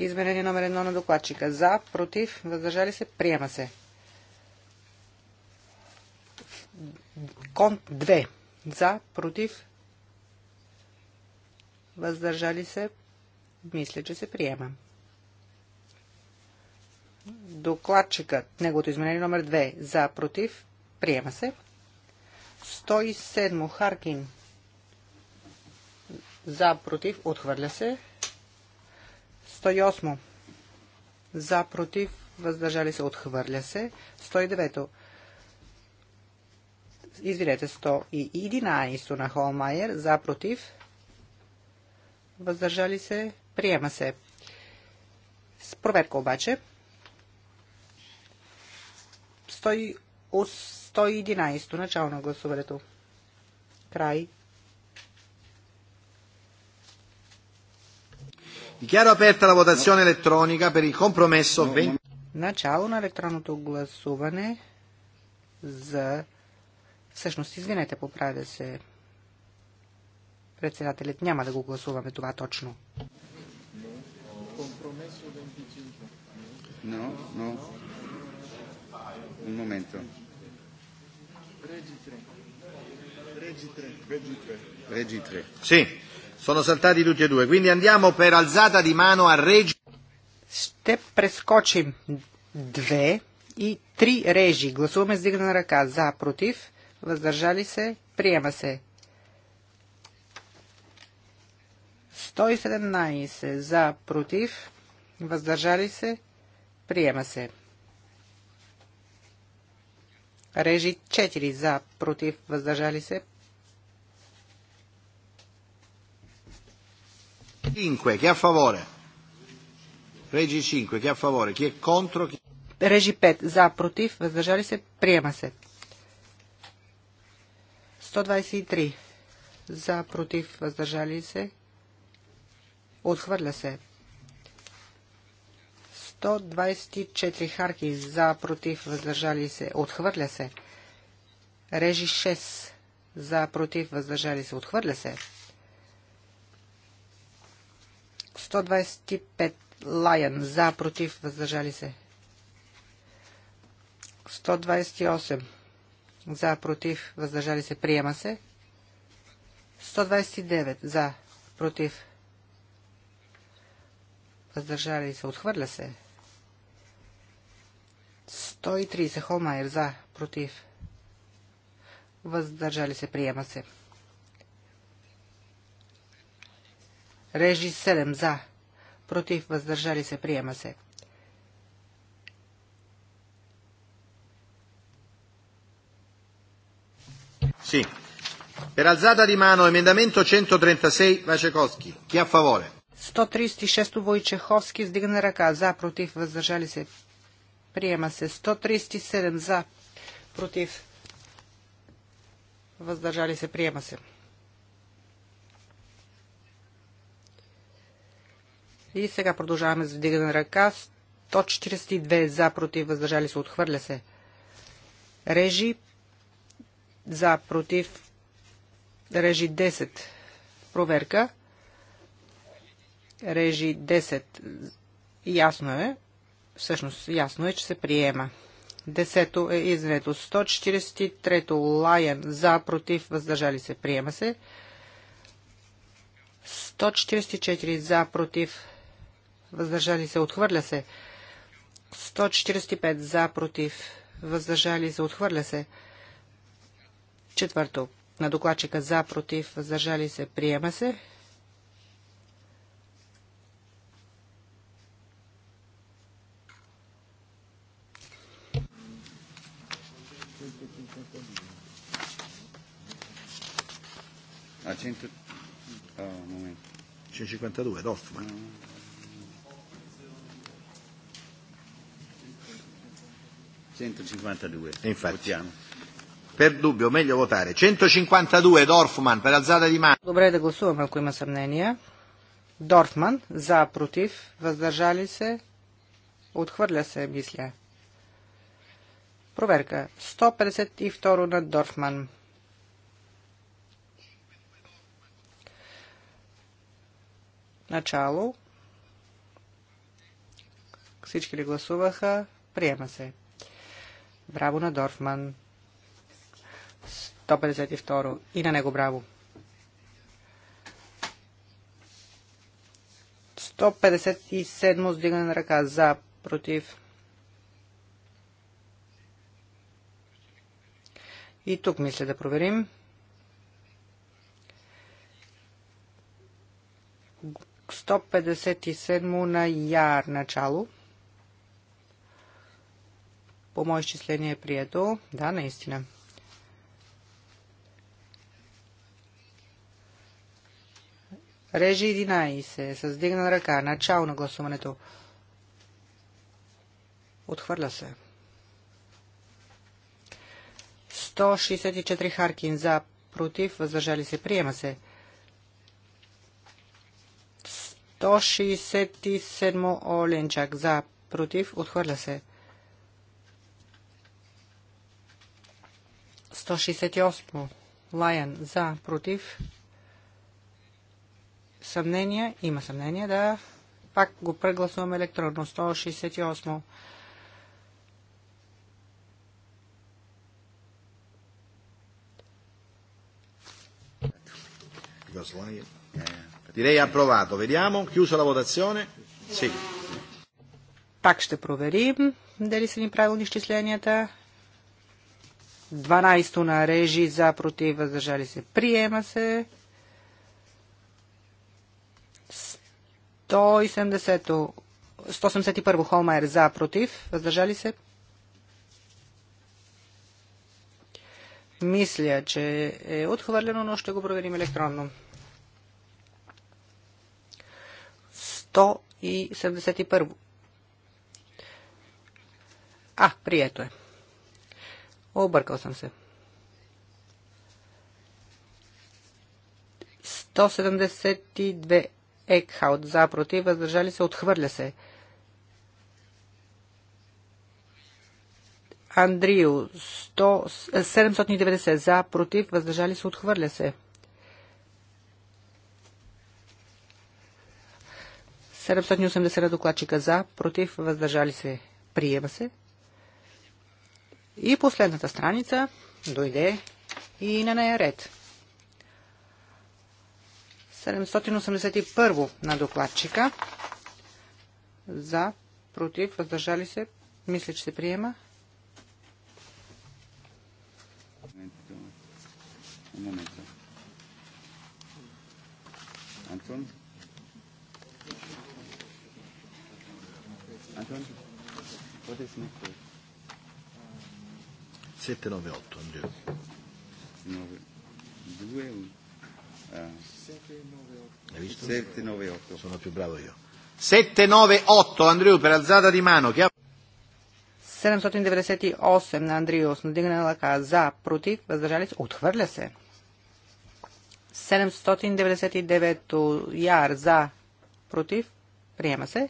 Изменение номер едно на докладчика. За, против, въздържали се, приема се. Конт 2. За, против, въздържали се, мисля, че се приема. Докладчикът, неговото изменение номер 2. За, против, приема се. 107. Харкин. За, против, отхвърля се. 108. За, против, въздържали се, отхвърля се. 109. Извинете, 111 на Холмайер. За, против, въздържали се, приема се. С проверка обаче. 111 начало на гласуването. Край. Dichiaro aperta la votazione elettronica per il compromesso Начало на електронното гласуване за... Всъщност, извинете, поправя се председателят. Няма да го гласуваме това точно. No, no. Un momento. Regi 3. Regi 3. Regi 3. Regi 3. Sì. Sono saltati tutti e due, quindi andiamo per alzata di mano a Regi. Ще прескочим две и три режи. Гласуваме с дигна ръка. За, против, въздържали се, приема се. 117 за, против, въздържали се, приема се. Режи 4 за, против, въздържали се, 5, chi a favore? Regi 5, chi a favore? Chi è contro? Chi... Режи 5. За, против, въздържали се, приема се. 123. За, против, въздържали се, отхвърля се. 124 харки за, против, въздържали се, отхвърля се. Режи 6 за, против, въздържали се, отхвърля се. 125 Лайън за, против, въздържали се. 128 за, против, въздържали се, приема се. 129 за, против, въздържали се, отхвърля се. 130 Холмайер за, против, въздържали се, приема се. Режи 7 за. Против. Въздържали се. Приема се. Sì. Per alzata di mano emendamento 136 Vacekovski. Chi a favore? 136 Войчеховски сдигна ръка za protiv въздържали се. Приема се 137 за, против, въздържали се, приема се. И сега продължаваме с вдигане на ръка. 142 за, против, въздържали се, отхвърля се. Режи за, против, режи 10. Проверка. Режи 10. Ясно е. Всъщност, ясно е, че се приема. Десето е изнето. 143-то Лайен за, против, въздържали се, приема се. 144 за, против, въздържали се, отхвърля се. 145 за, против, въздържали се, отхвърля се. Четвърто. На докладчика за, против, въздържали се, приема се. A 100... Oh, un 152. Infatti. Votiamo. Per dubbio, meglio votare. 152, Dorfman, per alzata di mano. Добре е да гласуваме, ако има съмнения. Дорфман, за, против, въздържали се, отхвърля се, мисля. Проверка. 152 на Дорфман. Начало. Всички ли гласуваха? Приема се. Браво на Дорфман. 152. И на него браво. 157 сдигане на ръка. За, против. И тук мисля да проверим. Стоп 57 на яр начало. По мое изчисление е прието. Да, наистина. Режи 11. Създигна ръка. Начало на гласуването. Отхвърля се. 164 Харкин за, против, въздържали се, приема се. 167 Оленчак за, против, отхвърля се. 168. Лайен за, против. Съмнение? Има съмнение, да. Пак го прегласуваме електронно. 168. Direi approvato. Vediamo. Chiusa la votazione. Sì. Пак ще проверим дали са ни правилни изчисленията. 12 на режи за против въздържали се. Приема се. 171 181 Холмайер за против въздържали се. Мисля, че е отхвърлено, но ще го проверим електронно. 171. А, прието е. Объркал съм се. 172 Екхаут за, против, въздържали се, отхвърля се. Андрио 100, 790 е, за, против, въздържали се, отхвърля се. 780 на докладчика за, против, въздържали се, приема се. И последната страница дойде и на нея ред. 781 на докладчика. За, против, въздържали се. Мисля, че се приема. Антон? Антон? What is next? 7, 9, 8. 9, 2, 1. Ah. 7, 9, 8. Hai visto? 7, 9, 8. Sono più bravo io. 7, 9, 8, Andrew, per alzata di mano. Chi ha... 798 на Андриус, надигане на лъка за, против, въздържали се, отхвърля се. 799 Яр за, против, приема се.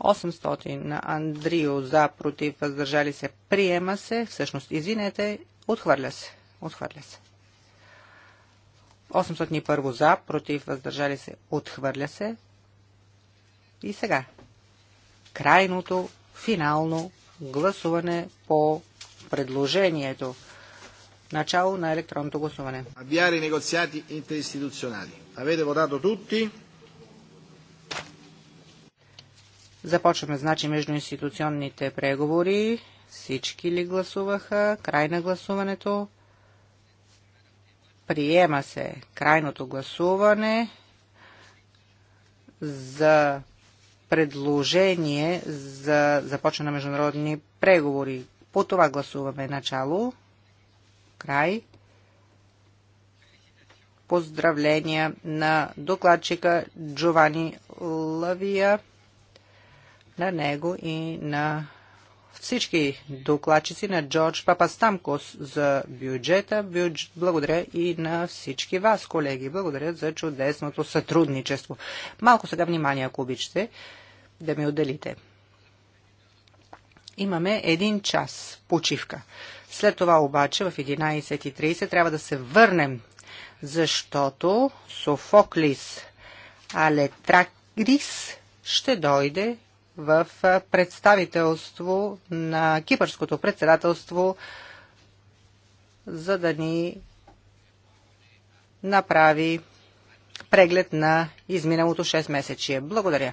800 на Андрио за против въздържали се приема се, всъщност извинете, отхвърля се. Отхвърля се. 801 за против въздържали се отхвърля се. И сега крайното финално гласуване по предложението. Начало на електронното гласуване. Абиари негоциати negoziati interistituzionali. Avete votato tutti? Започваме, значи, между институционните преговори. Всички ли гласуваха? Край на гласуването. Приема се крайното гласуване за предложение за започване на международни преговори. По това гласуваме начало, край. Поздравления на докладчика Джовани Лавия на него и на всички докладчици на Джордж Папастамкос за бюджета. Бюдж... Благодаря и на всички вас, колеги. Благодаря за чудесното сътрудничество. Малко сега внимание, ако обичате, да ми отделите. Имаме един час почивка. След това обаче в 11.30 трябва да се върнем, защото Софоклис Алетракрис ще дойде в представителство на кипърското председателство, за да ни направи преглед на изминалото 6 месечие. Благодаря.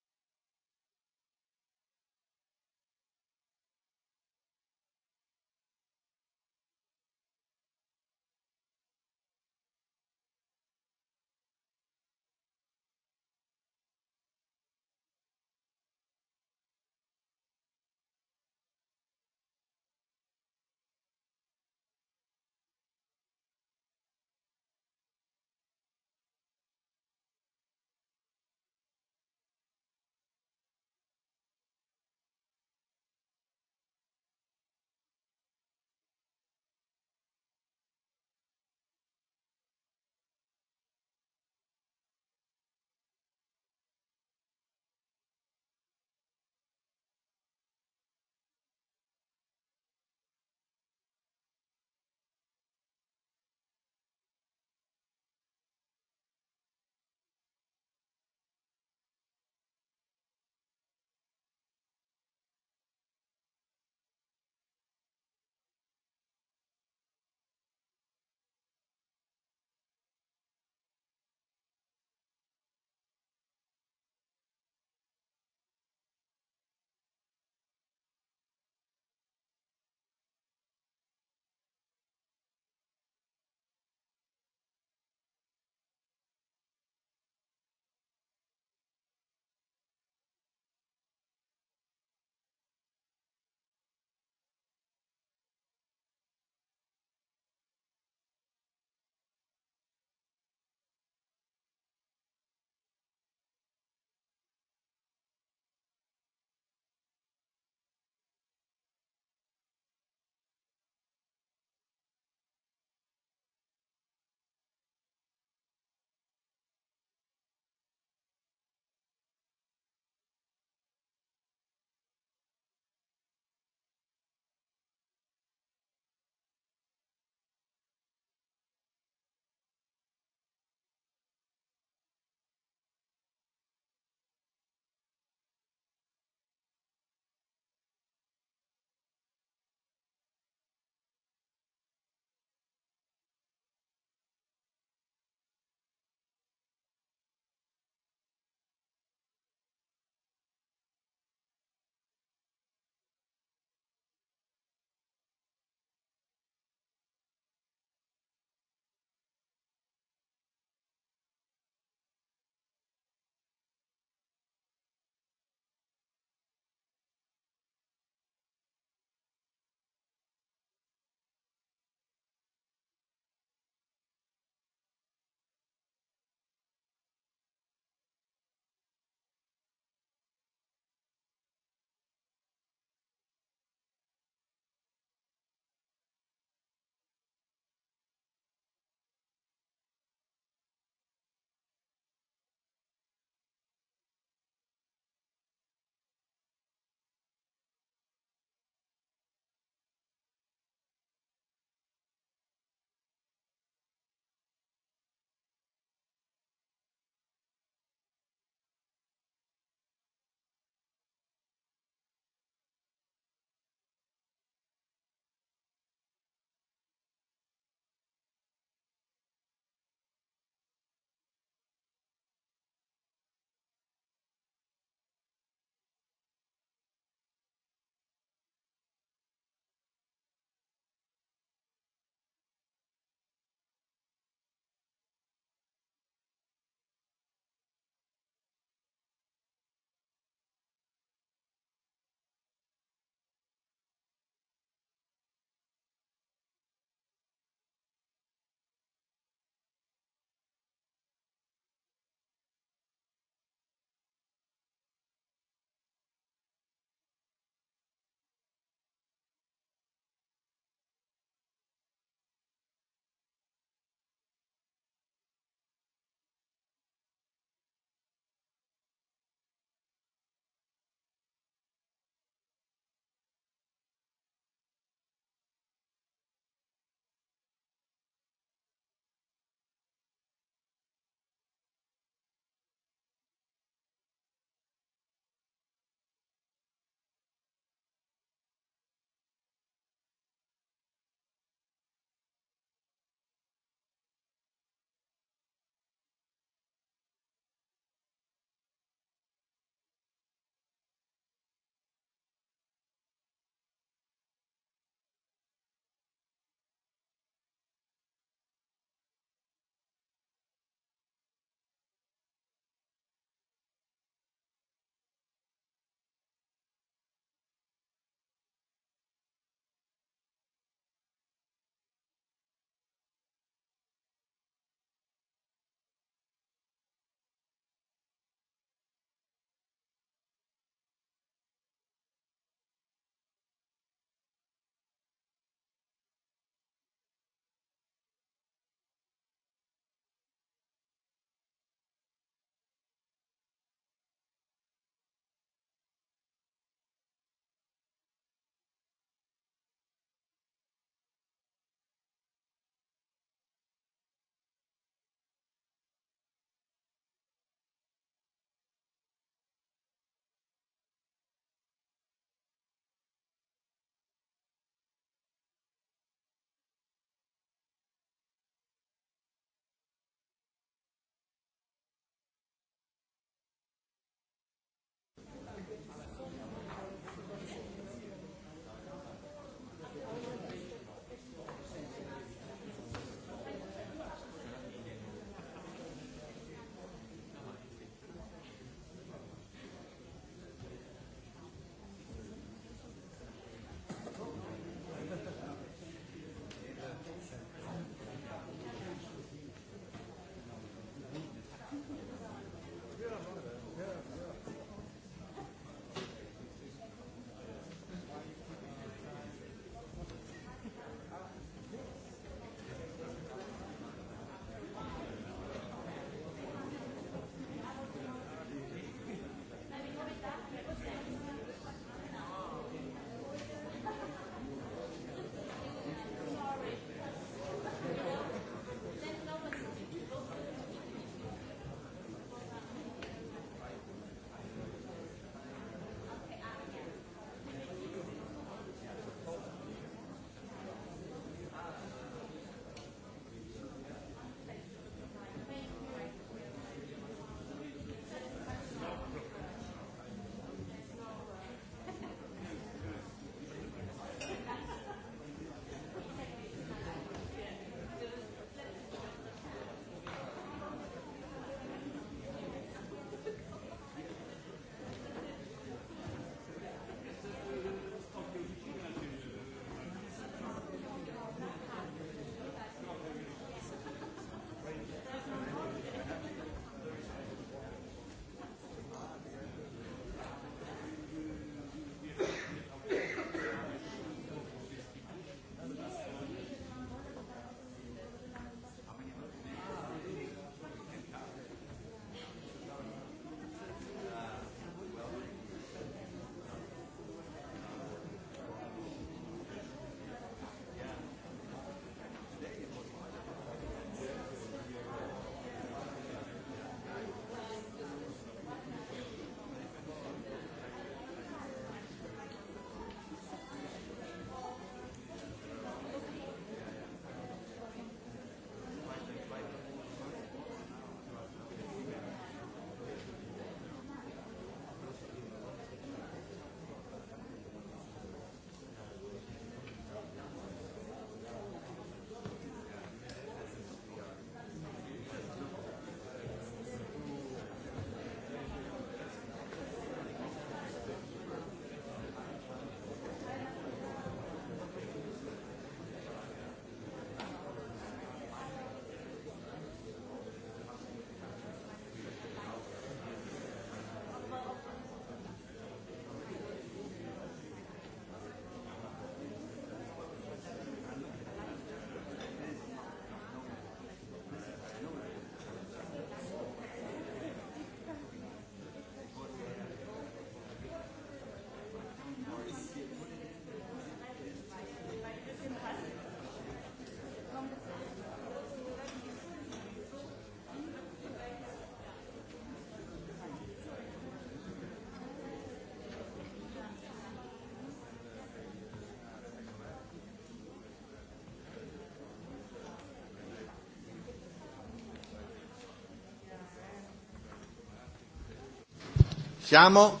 Siamo?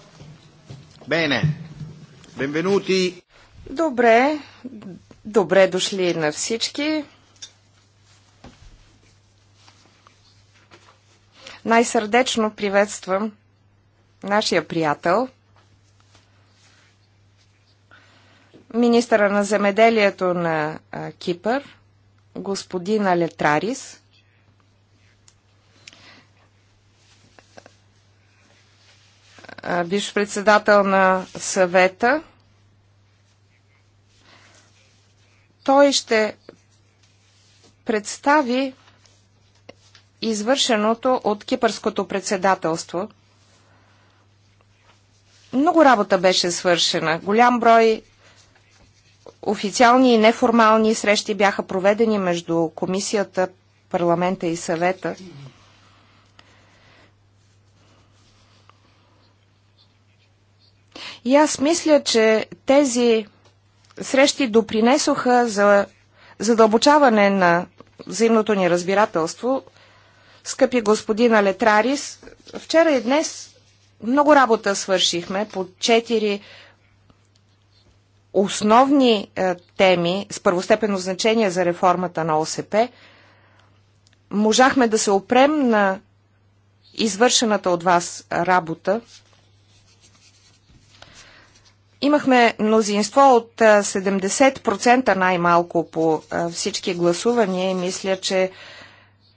Bene. Benvenuti. Добре. Добре дошли на всички. Най-сърдечно приветствам нашия приятел, министъра на земеделието на Кипър, господин Алетрарис. бивш председател на съвета. Той ще представи извършеното от кипърското председателство. Много работа беше свършена. Голям брой официални и неформални срещи бяха проведени между комисията, парламента и съвета. И аз мисля, че тези срещи допринесоха за задълбочаване на взаимното ни разбирателство. Скъпи господина Летрарис, вчера и днес много работа свършихме по четири основни е, теми с първостепенно значение за реформата на ОСП. Можахме да се опрем на извършената от вас работа Имахме мнозинство от 70% най-малко по всички гласувания и мисля, че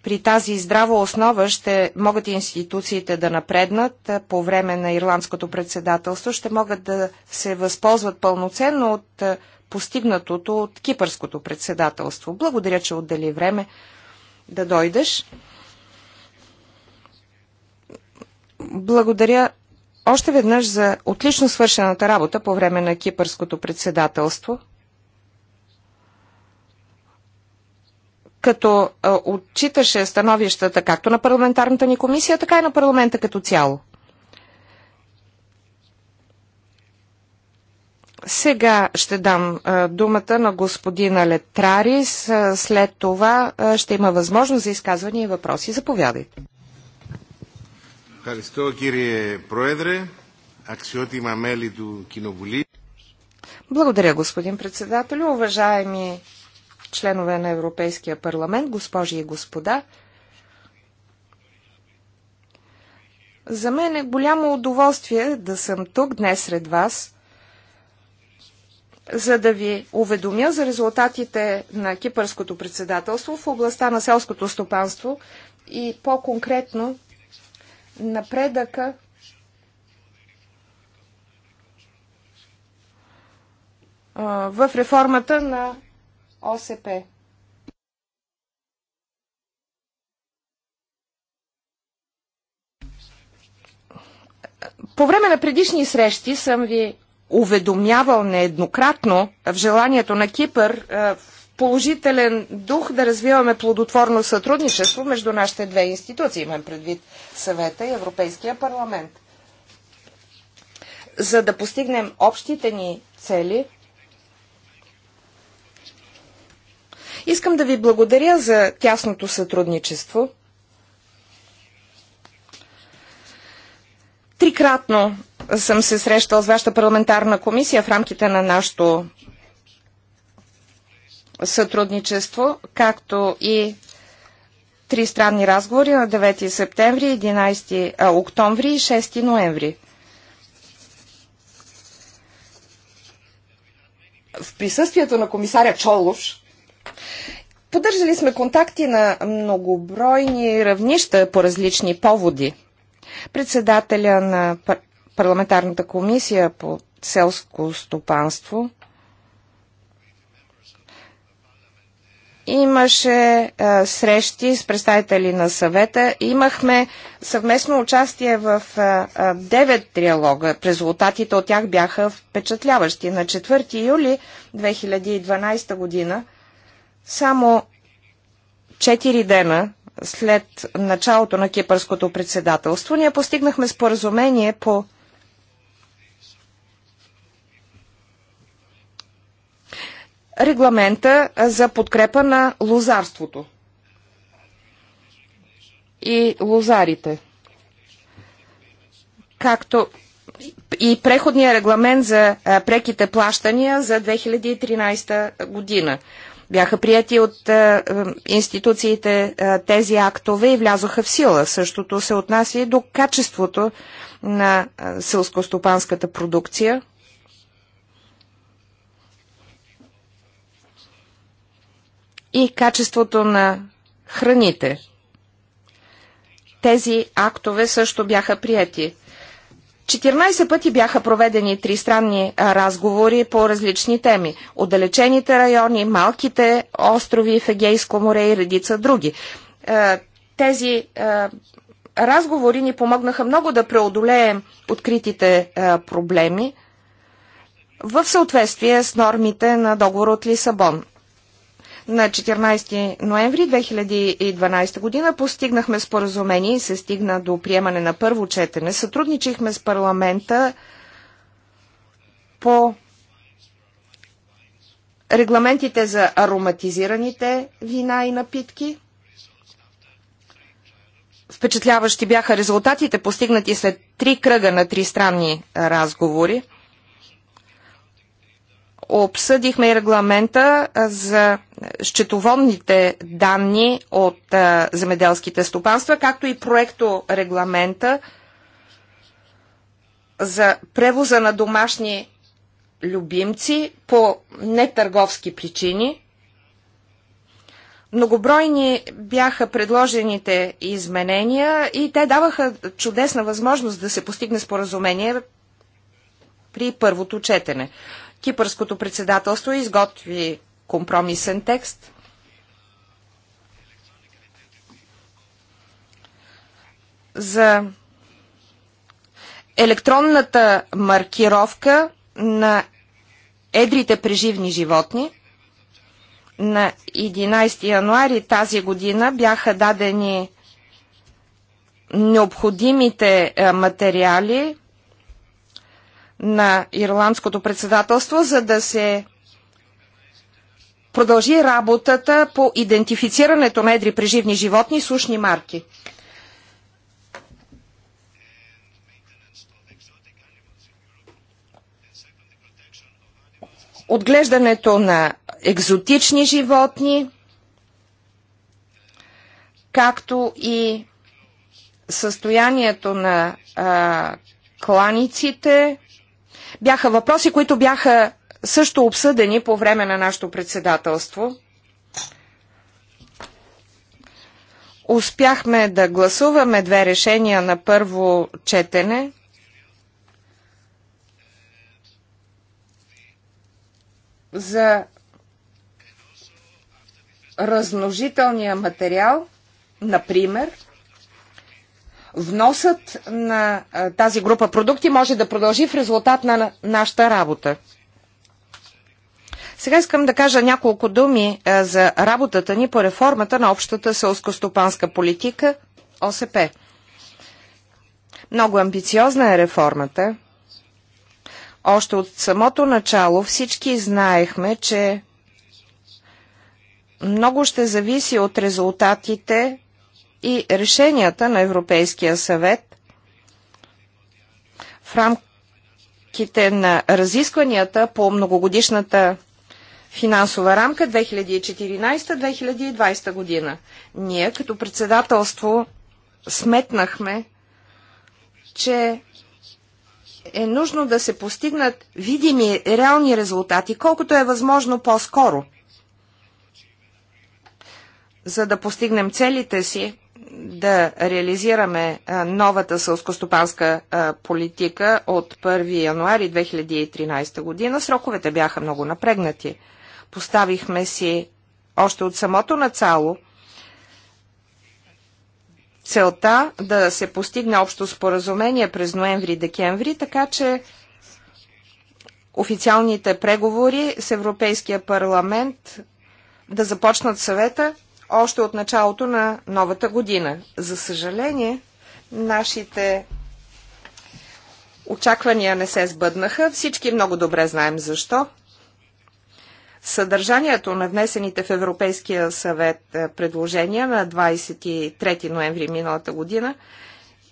при тази здрава основа ще могат институциите да напреднат по време на ирландското председателство, ще могат да се възползват пълноценно от постигнатото от кипърското председателство. Благодаря, че отдели време да дойдеш. Благодаря още веднъж за отлично свършената работа по време на кипърското председателство, като отчиташе становищата както на парламентарната ни комисия, така и на парламента като цяло. Сега ще дам думата на господина Летрарис. След това ще има възможност за изказвания и въпроси. Заповядайте. Ευχαριστώ κύριε Πρόεδρε, αξιότιμα μέλη του Κοινοβουλίου. Благодаря, господин председател, уважаеми членове на Европейския парламент, госпожи и господа. За мен е голямо удоволствие да съм тук днес сред вас, за да ви уведомя за резултатите на кипърското председателство в областта на селското стопанство и по-конкретно напредъка в реформата на ОСП. По време на предишни срещи съм ви уведомявал нееднократно в желанието на Кипър в положителен дух да развиваме плодотворно сътрудничество между нашите две институции, имам предвид съвета и Европейския парламент. За да постигнем общите ни цели, искам да ви благодаря за тясното сътрудничество. Трикратно съм се срещал с вашата парламентарна комисия в рамките на нашото сътрудничество, както и три странни разговори на 9 септември, 11 а, октомври и 6 ноември. В присъствието на комисаря Чолов, поддържали сме контакти на многобройни равнища по различни поводи. Председателя на парламентарната комисия по селско стопанство Имаше а, е, срещи с представители на съвета. Имахме съвместно участие в а, а, 9 триалога. Резултатите от тях бяха впечатляващи. На 4 юли 2012 година, само 4 дена след началото на кипърското председателство, ние постигнахме споразумение по регламента за подкрепа на лозарството и лозарите, както и преходния регламент за преките плащания за 2013 година. Бяха прияти от институциите тези актове и влязоха в сила. Същото се отнася и до качеството на селскостопанската продукция – и качеството на храните. Тези актове също бяха прияти. 14 пъти бяха проведени тристранни разговори по различни теми. Отдалечените райони, малките острови в Егейско море и редица други. Е, тези е, разговори ни помогнаха много да преодолеем откритите е, проблеми в съответствие с нормите на договор от Лисабон. На 14 ноември 2012 година постигнахме споразумение и се стигна до приемане на първо четене. Сътрудничихме с парламента по регламентите за ароматизираните вина и напитки. Впечатляващи бяха резултатите, постигнати след три кръга на тристранни разговори обсъдихме и регламента за счетоводните данни от земеделските стопанства, както и проекто регламента за превоза на домашни любимци по нетърговски причини. Многобройни бяха предложените изменения и те даваха чудесна възможност да се постигне споразумение при първото четене. Кипърското председателство изготви компромисен текст. За електронната маркировка на едрите преживни животни. На 11 януари тази година бяха дадени необходимите е, материали на Ирландското председателство, за да се продължи работата по идентифицирането на едри преживни животни и сушни марки. Отглеждането на екзотични животни, както и състоянието на а, кланиците, бяха въпроси, които бяха също обсъдени по време на нашето председателство. Успяхме да гласуваме две решения на първо четене. за размножителния материал, например – вносът на тази група продукти може да продължи в резултат на нашата работа. Сега искам да кажа няколко думи за работата ни по реформата на общата селскостопанска политика ОСП. Много амбициозна е реформата. Още от самото начало всички знаехме, че много ще зависи от резултатите и решенията на Европейския съвет в рамките на разискванията по многогодишната финансова рамка 2014-2020 година. Ние като председателство сметнахме, че е нужно да се постигнат видими реални резултати, колкото е възможно по-скоро. За да постигнем целите си, да реализираме новата сълскостопанска политика от 1 януари 2013 година. Сроковете бяха много напрегнати. Поставихме си още от самото начало целта да се постигне общо споразумение през ноември-декември, така че официалните преговори с Европейския парламент да започнат съвета още от началото на новата година. За съжаление, нашите очаквания не се сбъднаха. Всички много добре знаем защо. Съдържанието на внесените в Европейския съвет е, предложения на 23 ноември миналата година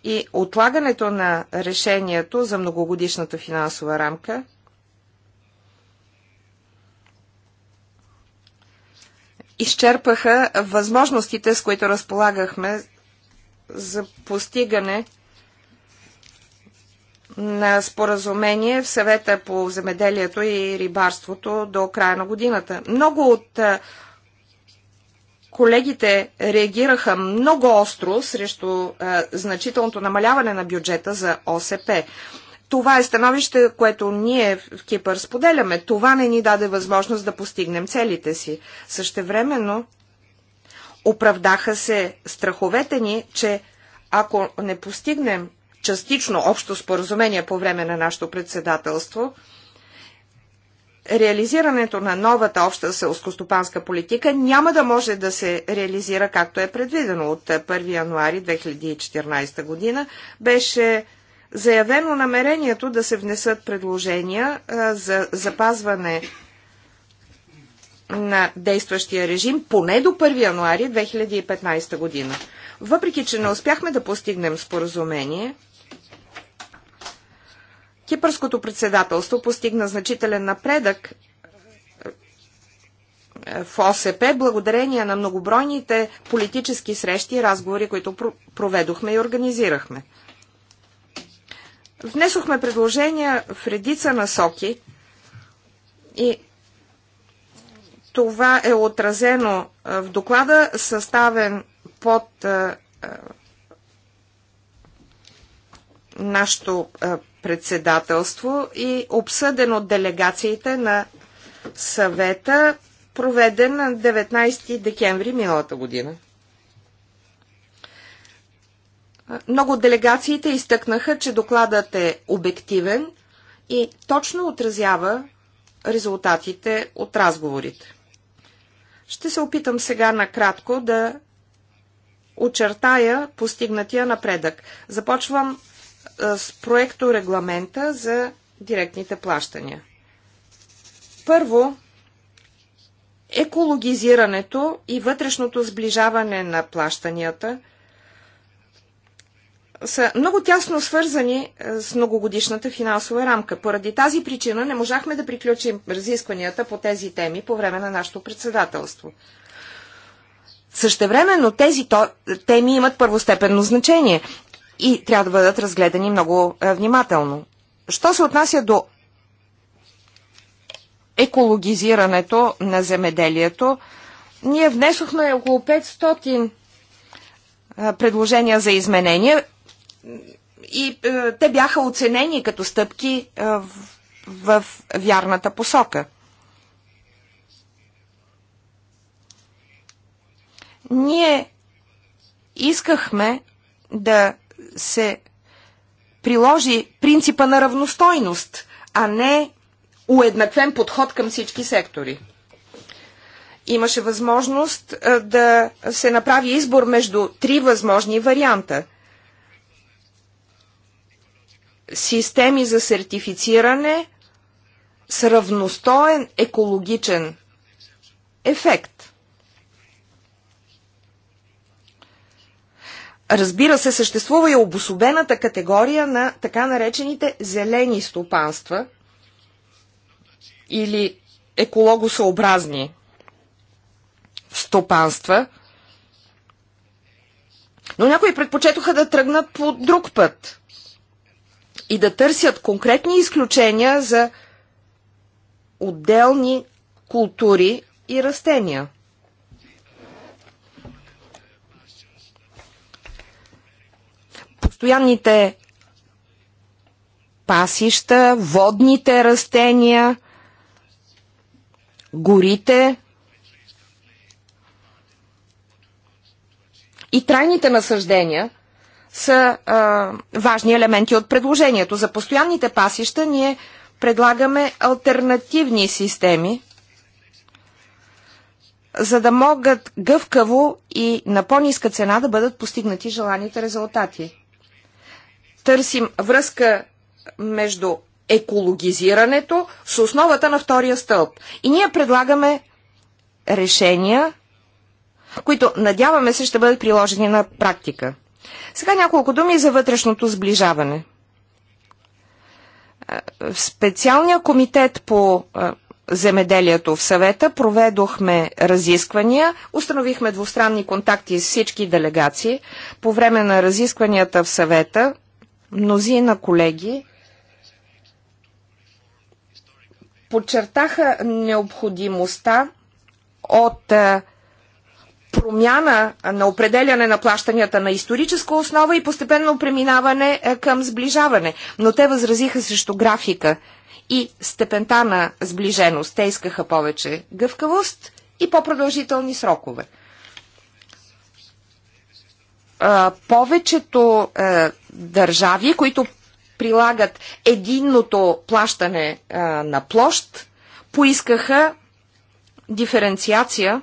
и отлагането на решението за многогодишната финансова рамка изчерпаха възможностите, с които разполагахме за постигане на споразумение в съвета по земеделието и рибарството до края на годината. Много от колегите реагираха много остро срещу значителното намаляване на бюджета за ОСП. Това е становище, което ние в Кипър споделяме. Това не ни даде възможност да постигнем целите си. Същевременно оправдаха се страховете ни, че ако не постигнем частично общо споразумение по време на нашето председателство, реализирането на новата обща селскостопанска политика няма да може да се реализира както е предвидено от 1 януари 2014 година. Беше заявено намерението да се внесат предложения за запазване на действащия режим поне до 1 януари 2015 година. Въпреки, че не успяхме да постигнем споразумение, Кипърското председателство постигна значителен напредък в ОСП, благодарение на многобройните политически срещи и разговори, които проведохме и организирахме. Внесохме предложения в редица насоки и това е отразено в доклада, съставен под нашето председателство и обсъден от делегациите на съвета, проведен на 19 декември миналата година. Много от делегациите изтъкнаха, че докладът е обективен и точно отразява резултатите от разговорите. Ще се опитам сега накратко да очертая постигнатия напредък. Започвам е, с проекто регламента за директните плащания. Първо, екологизирането и вътрешното сближаване на плащанията – са много тясно свързани е, с многогодишната финансова рамка. Поради тази причина не можахме да приключим разискванията по тези теми по време на нашето председателство. Същевременно тези теми имат първостепенно значение и трябва да бъдат разгледани много е, внимателно. Що се отнася до екологизирането на земеделието, ние внесохме около 500 е, предложения за изменения и е, те бяха оценени като стъпки е, в, в вярната посока. Ние искахме да се приложи принципа на равностойност, а не уеднаквен подход към всички сектори. Имаше възможност е, да се направи избор между три възможни варианта – системи за сертифициране с равностоен екологичен ефект. Разбира се, съществува и обособената категория на така наречените зелени стопанства или екологосъобразни стопанства, но някои предпочетоха да тръгнат по друг път и да търсят конкретни изключения за отделни култури и растения. Постоянните пасища, водните растения, горите и трайните насъждения – са а, важни елементи от предложението. За постоянните пасища ние предлагаме альтернативни системи, за да могат гъвкаво и на по-ниска цена да бъдат постигнати желаните резултати. Търсим връзка между екологизирането с основата на втория стълб. И ние предлагаме решения, които надяваме се ще бъдат приложени на практика. Сега няколко думи за вътрешното сближаване. Е, в Специалния комитет по е, земеделието в съвета проведохме разисквания, установихме двустранни контакти с всички делегации. По време на разискванията в съвета мнозина колеги подчертаха необходимостта от е, промяна на определяне на плащанията на историческа основа и постепенно преминаване е, към сближаване. Но те възразиха срещу графика и степента на сближеност. Те искаха повече гъвкавост и по-продължителни срокове. А, повечето а, е, държави, които прилагат единното плащане а, е, на площ, поискаха диференциация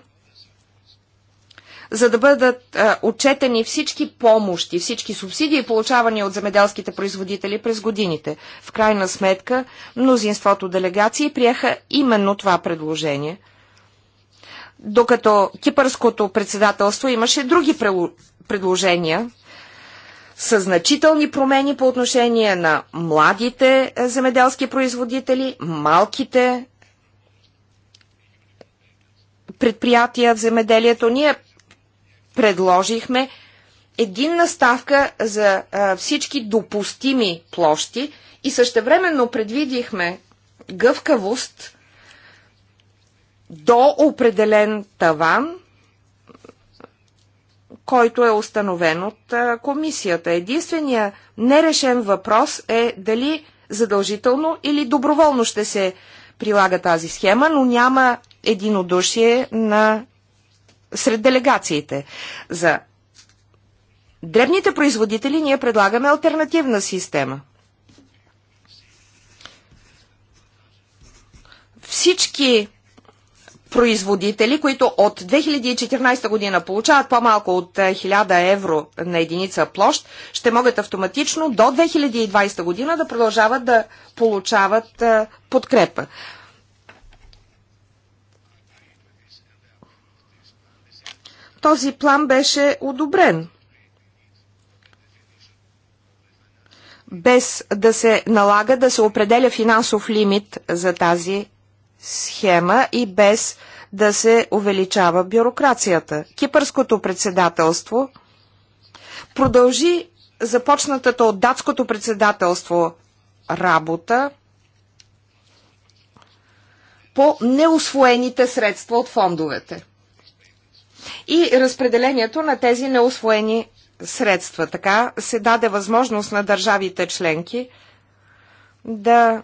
за да бъдат а, отчетени всички помощи, всички субсидии, получавани от земеделските производители през годините. В крайна сметка, мнозинството делегации приеха именно това предложение. Докато кипърското председателство имаше други предложения с значителни промени по отношение на младите земеделски производители, малките предприятия в земеделието. Ние предложихме единна ставка за всички допустими площи и същевременно предвидихме гъвкавост до определен таван, който е установен от комисията. Единствения нерешен въпрос е дали задължително или доброволно ще се прилага тази схема, но няма единодушие на сред делегациите. За дребните производители ние предлагаме альтернативна система. Всички производители, които от 2014 година получават по-малко от 1000 е, евро на единица площ, ще могат автоматично до 2020 година да продължават да получават е, подкрепа. този план беше одобрен. Без да се налага да се определя финансов лимит за тази схема и без да се увеличава бюрокрацията. Кипърското председателство продължи започнатата от датското председателство работа по неосвоените средства от фондовете и разпределението на тези неосвоени средства. Така се даде възможност на държавите членки да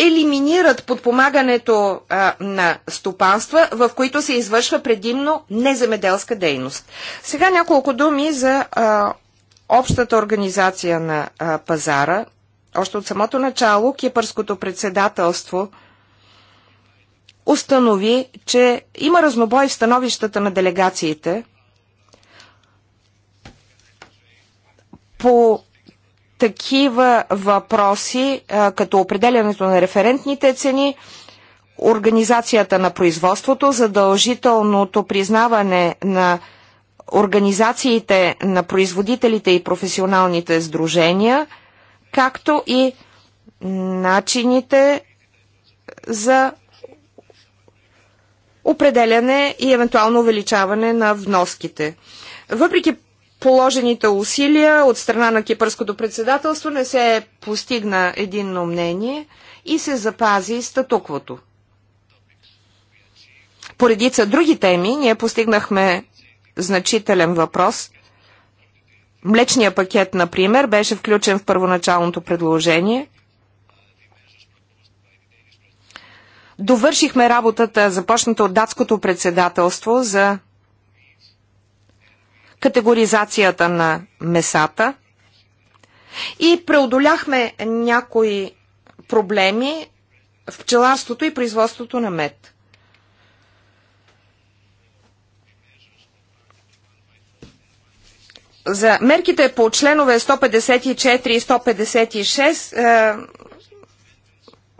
елиминират подпомагането а, на стопанства, в които се извършва предимно неземеделска дейност. Сега няколко думи за а, общата организация на а, пазара още от самото начало кипърското председателство установи, че има разнобой в становищата на делегациите по такива въпроси, като определянето на референтните цени, организацията на производството, задължителното признаване на организациите на производителите и професионалните сдружения – както и начините за определяне и евентуално увеличаване на вноските. Въпреки положените усилия от страна на кипърското председателство не се постигна единно мнение и се запази статуквото. Поредица други теми ние постигнахме значителен въпрос – Млечния пакет, например, беше включен в първоначалното предложение. Довършихме работата, започната от датското председателство за категоризацията на месата и преодоляхме някои проблеми в пчеларството и производството на мед. За мерките по членове 154 и 156 е,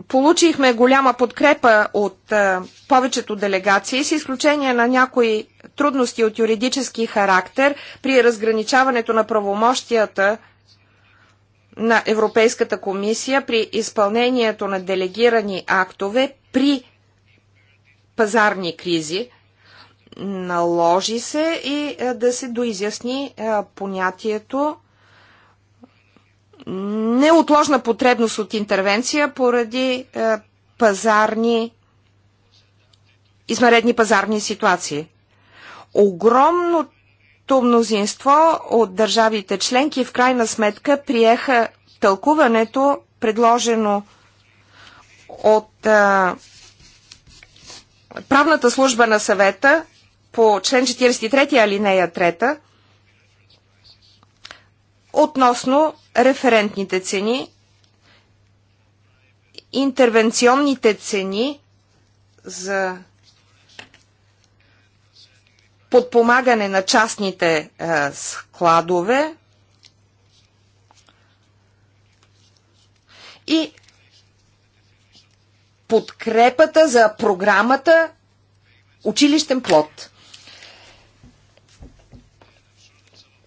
получихме голяма подкрепа от е, повечето делегации, с изключение на някои трудности от юридически характер при разграничаването на правомощията на Европейската комисия при изпълнението на делегирани актове при пазарни кризи – наложи се и е, да се доизясни е, понятието неотложна потребност от интервенция поради е, пазарни измередни пазарни ситуации. Огромното мнозинство от държавите членки в крайна сметка приеха тълкуването, предложено от а, правната служба на съвета по член 43 алинея 3 относно референтните цени, интервенционните цени за подпомагане на частните е, складове и подкрепата за програмата Училищен плод.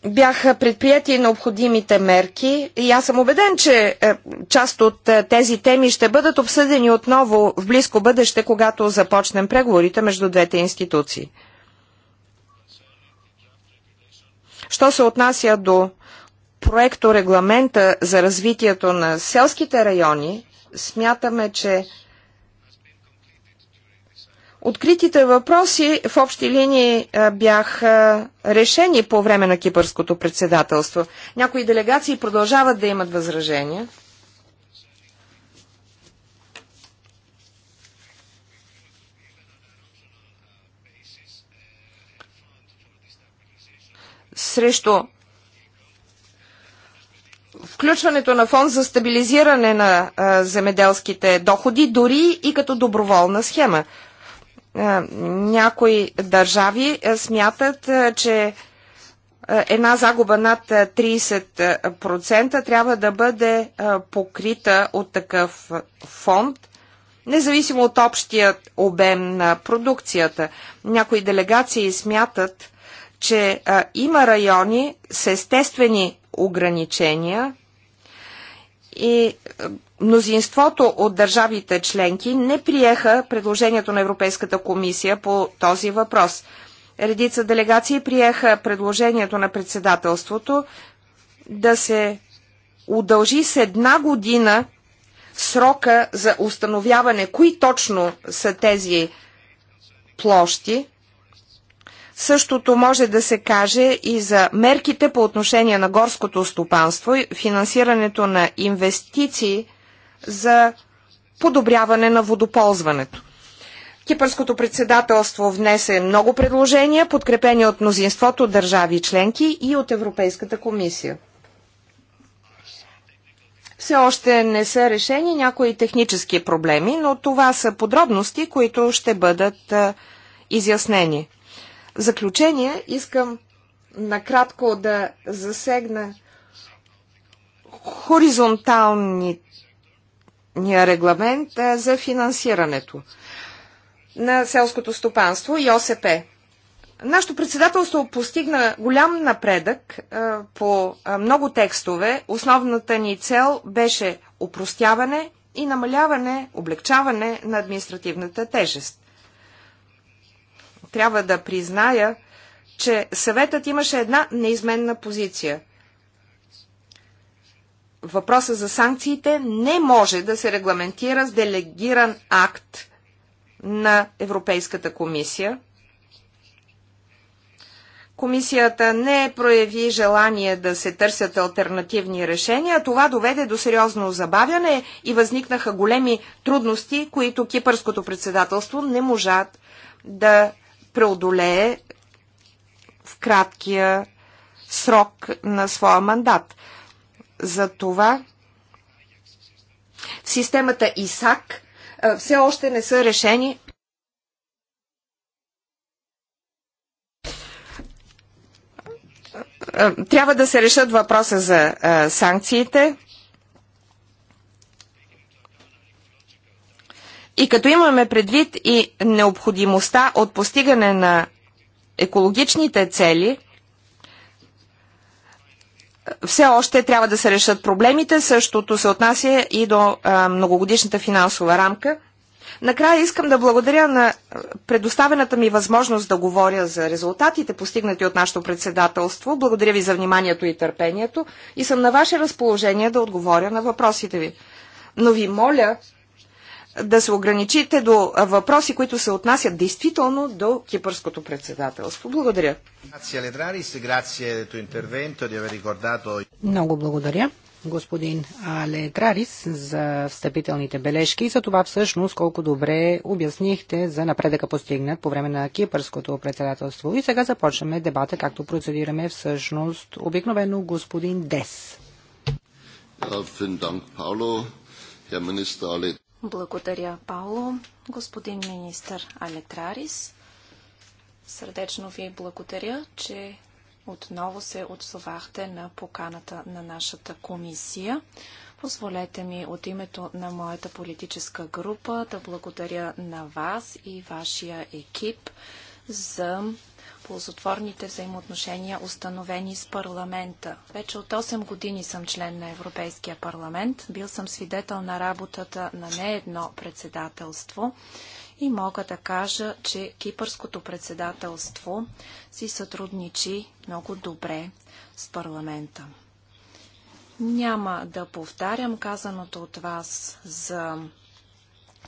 бяха предприяти необходимите мерки и аз съм убеден, че е, част от е, тези теми ще бъдат обсъдени отново в близко бъдеще, когато започнем преговорите между двете институции. Що се отнася до проекто регламента за развитието на селските райони, смятаме, че Откритите въпроси в общи линии бяха решени по време на кипърското председателство. Някои делегации продължават да имат възражения. Срещу включването на фонд за стабилизиране на а, земеделските доходи, дори и като доброволна схема. Е, някои държави е, смятат, е, че една загуба над 30% трябва да бъде покрита от такъв фонд, независимо от общия обем на продукцията. Някои делегации смятат, че има райони с естествени ограничения и Мнозинството от държавите членки не приеха предложението на Европейската комисия по този въпрос. Редица делегации приеха предложението на председателството да се удължи с една година срока за установяване кои точно са тези площи. Същото може да се каже и за мерките по отношение на горското стопанство, и финансирането на инвестиции за подобряване на водоползването. Кипърското председателство внесе много предложения, подкрепени от мнозинството държави членки и от Европейската комисия. Все още не са решени някои технически проблеми, но това са подробности, които ще бъдат а, изяснени. В заключение искам накратко да засегна хоризонталните регламент за финансирането на селското стопанство и ОСП. Нашето председателство постигна голям напредък по много текстове. Основната ни цел беше упростяване и намаляване, облегчаване на административната тежест. Трябва да призная, че съветът имаше една неизменна позиция – въпроса за санкциите не може да се регламентира с делегиран акт на Европейската комисия. Комисията не прояви желание да се търсят альтернативни решения. Това доведе до сериозно забавяне и възникнаха големи трудности, които кипърското председателство не можат да преодолее в краткия срок на своя мандат за това в системата ИСАК все още не са решени трябва да се решат въпроса за санкциите. И като имаме предвид и необходимостта от постигане на екологичните цели, все още трябва да се решат проблемите. Същото се отнася и до а, многогодишната финансова рамка. Накрая искам да благодаря на предоставената ми възможност да говоря за резултатите, постигнати от нашето председателство. Благодаря ви за вниманието и търпението и съм на ваше разположение да отговоря на въпросите ви. Но ви моля да се ограничите до въпроси, които се отнасят действително до кипърското председателство. Благодаря. Много благодаря господин Алетрарис за встъпителните бележки и за това всъщност колко добре обяснихте за напредъка постигнат по време на кипърското председателство. И сега започваме дебата, както процедираме всъщност обикновено господин Дес. Благодаря, Пауло. Господин министър Алетрарис, сърдечно ви благодаря, че отново се отзовахте на поканата на нашата комисия. Позволете ми от името на моята политическа група да благодаря на вас и вашия екип за ползотворните взаимоотношения, установени с парламента. Вече от 8 години съм член на Европейския парламент. Бил съм свидетел на работата на не едно председателство и мога да кажа, че кипърското председателство си сътрудничи много добре с парламента. Няма да повтарям казаното от вас за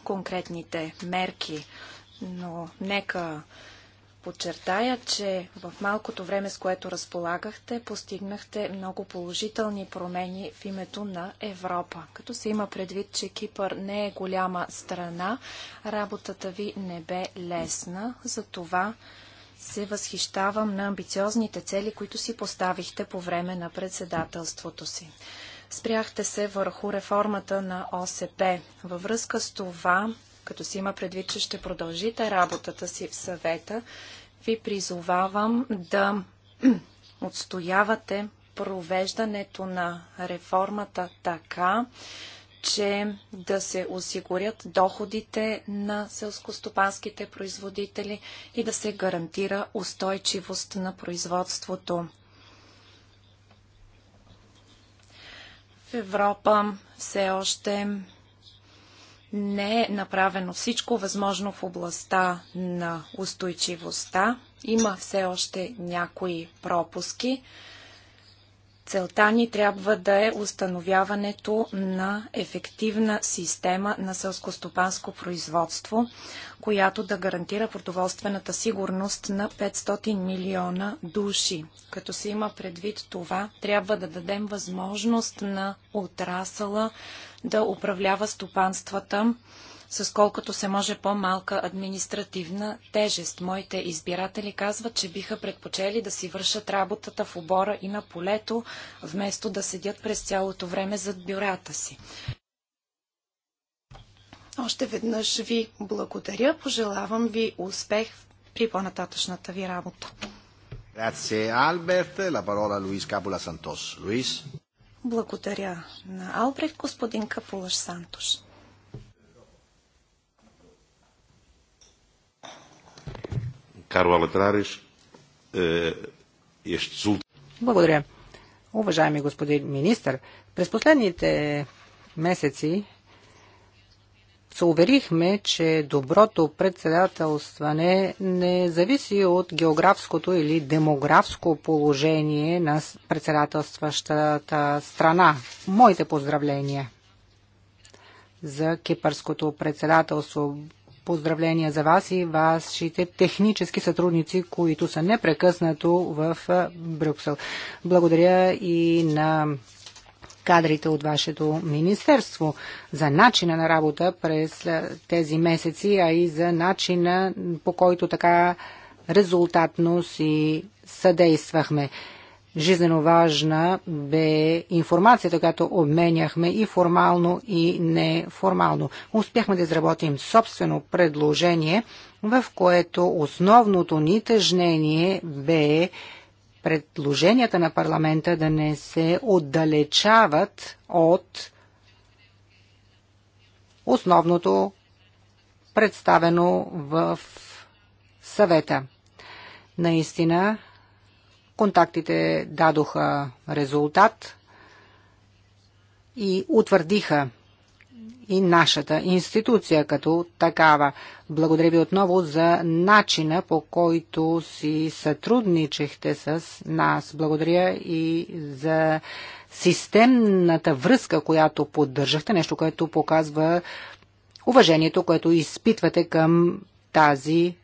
конкретните мерки, но нека подчертая, че в малкото време, с което разполагахте, постигнахте много положителни промени в името на Европа. Като се има предвид, че Кипър не е голяма страна, работата ви не бе лесна. Затова се възхищавам на амбициозните цели, които си поставихте по време на председателството си. Спряхте се върху реформата на ОСП. Във връзка с това като си има предвид, че ще продължите работата си в съвета, ви призовавам да <clears throat> отстоявате провеждането на реформата така, че да се осигурят доходите на селскостопанските производители и да се гарантира устойчивост на производството. В Европа все още не е направено всичко възможно в областта на устойчивостта. Има все още някои пропуски. Целта ни трябва да е установяването на ефективна система на селскостопанско производство, която да гарантира продоволствената сигурност на 500 милиона души. Като се има предвид това, трябва да дадем възможност на отрасъла да управлява стопанствата с колкото се може по-малка административна тежест. Моите избиратели казват, че биха предпочели да си вършат работата в обора и на полето, вместо да седят през цялото време зад бюрата си. Още веднъж ви благодаря. Пожелавам ви успех при по-нататъчната ви работа. Благодаря на Албрехт, господин Капулаш Сантош. Карл Алатрариш, е, Благодаря. Уважаеми господин министр, през последните месеци се уверихме, че доброто председателстване не зависи от географското или демографско положение на председателстващата страна. Моите поздравления за кипърското председателство. Поздравления за вас и вашите технически сътрудници, които са непрекъснато в Брюксел. Благодаря и на кадрите от вашето министерство, за начина на работа през тези месеци, а и за начина по който така резултатно си съдействахме. Жизнено важна бе информацията, която обменяхме и формално, и неформално. Успяхме да изработим собствено предложение, в което основното ни тъжнение бе предложенията на парламента да не се отдалечават от основното представено в съвета. Наистина, Контактите дадоха резултат и утвърдиха и нашата институция като такава. Благодаря ви отново за начина по който си сътрудничехте с нас. Благодаря и за системната връзка, която поддържахте, нещо, което показва уважението, което изпитвате към тази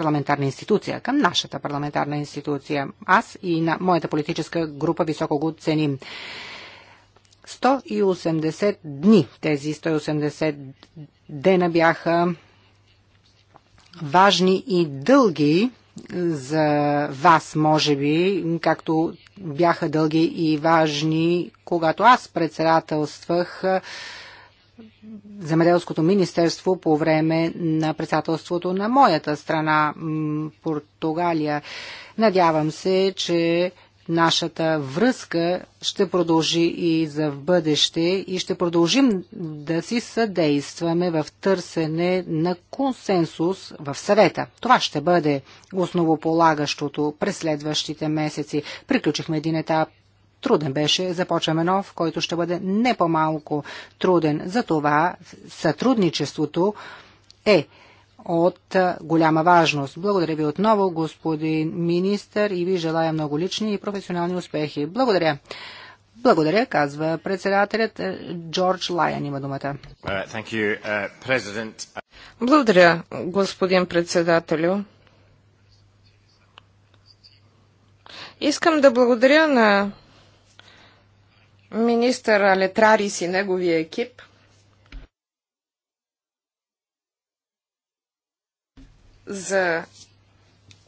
парламентарна институция, към нашата парламентарна институция. Аз и на моята политическа група високо го ценим. 180 дни, тези 180 дена бяха важни и дълги за вас, може би, както бяха дълги и важни, когато аз председателствах Земеделското министерство по време на председателството на моята страна Португалия. Надявам се, че нашата връзка ще продължи и за в бъдеще и ще продължим да си съдействаме в търсене на консенсус в съвета. Това ще бъде основополагащото през следващите месеци. Приключихме един етап труден беше, започваме нов, който ще бъде не по-малко труден. Затова сътрудничеството е от голяма важност. Благодаря ви отново, господин министър, и ви желая много лични и професионални успехи. Благодаря. Благодаря, казва председателят е, Джордж Лайан има думата. You, uh, Благодаря, господин председателю. Искам да благодаря на министър Летрарис и неговия екип за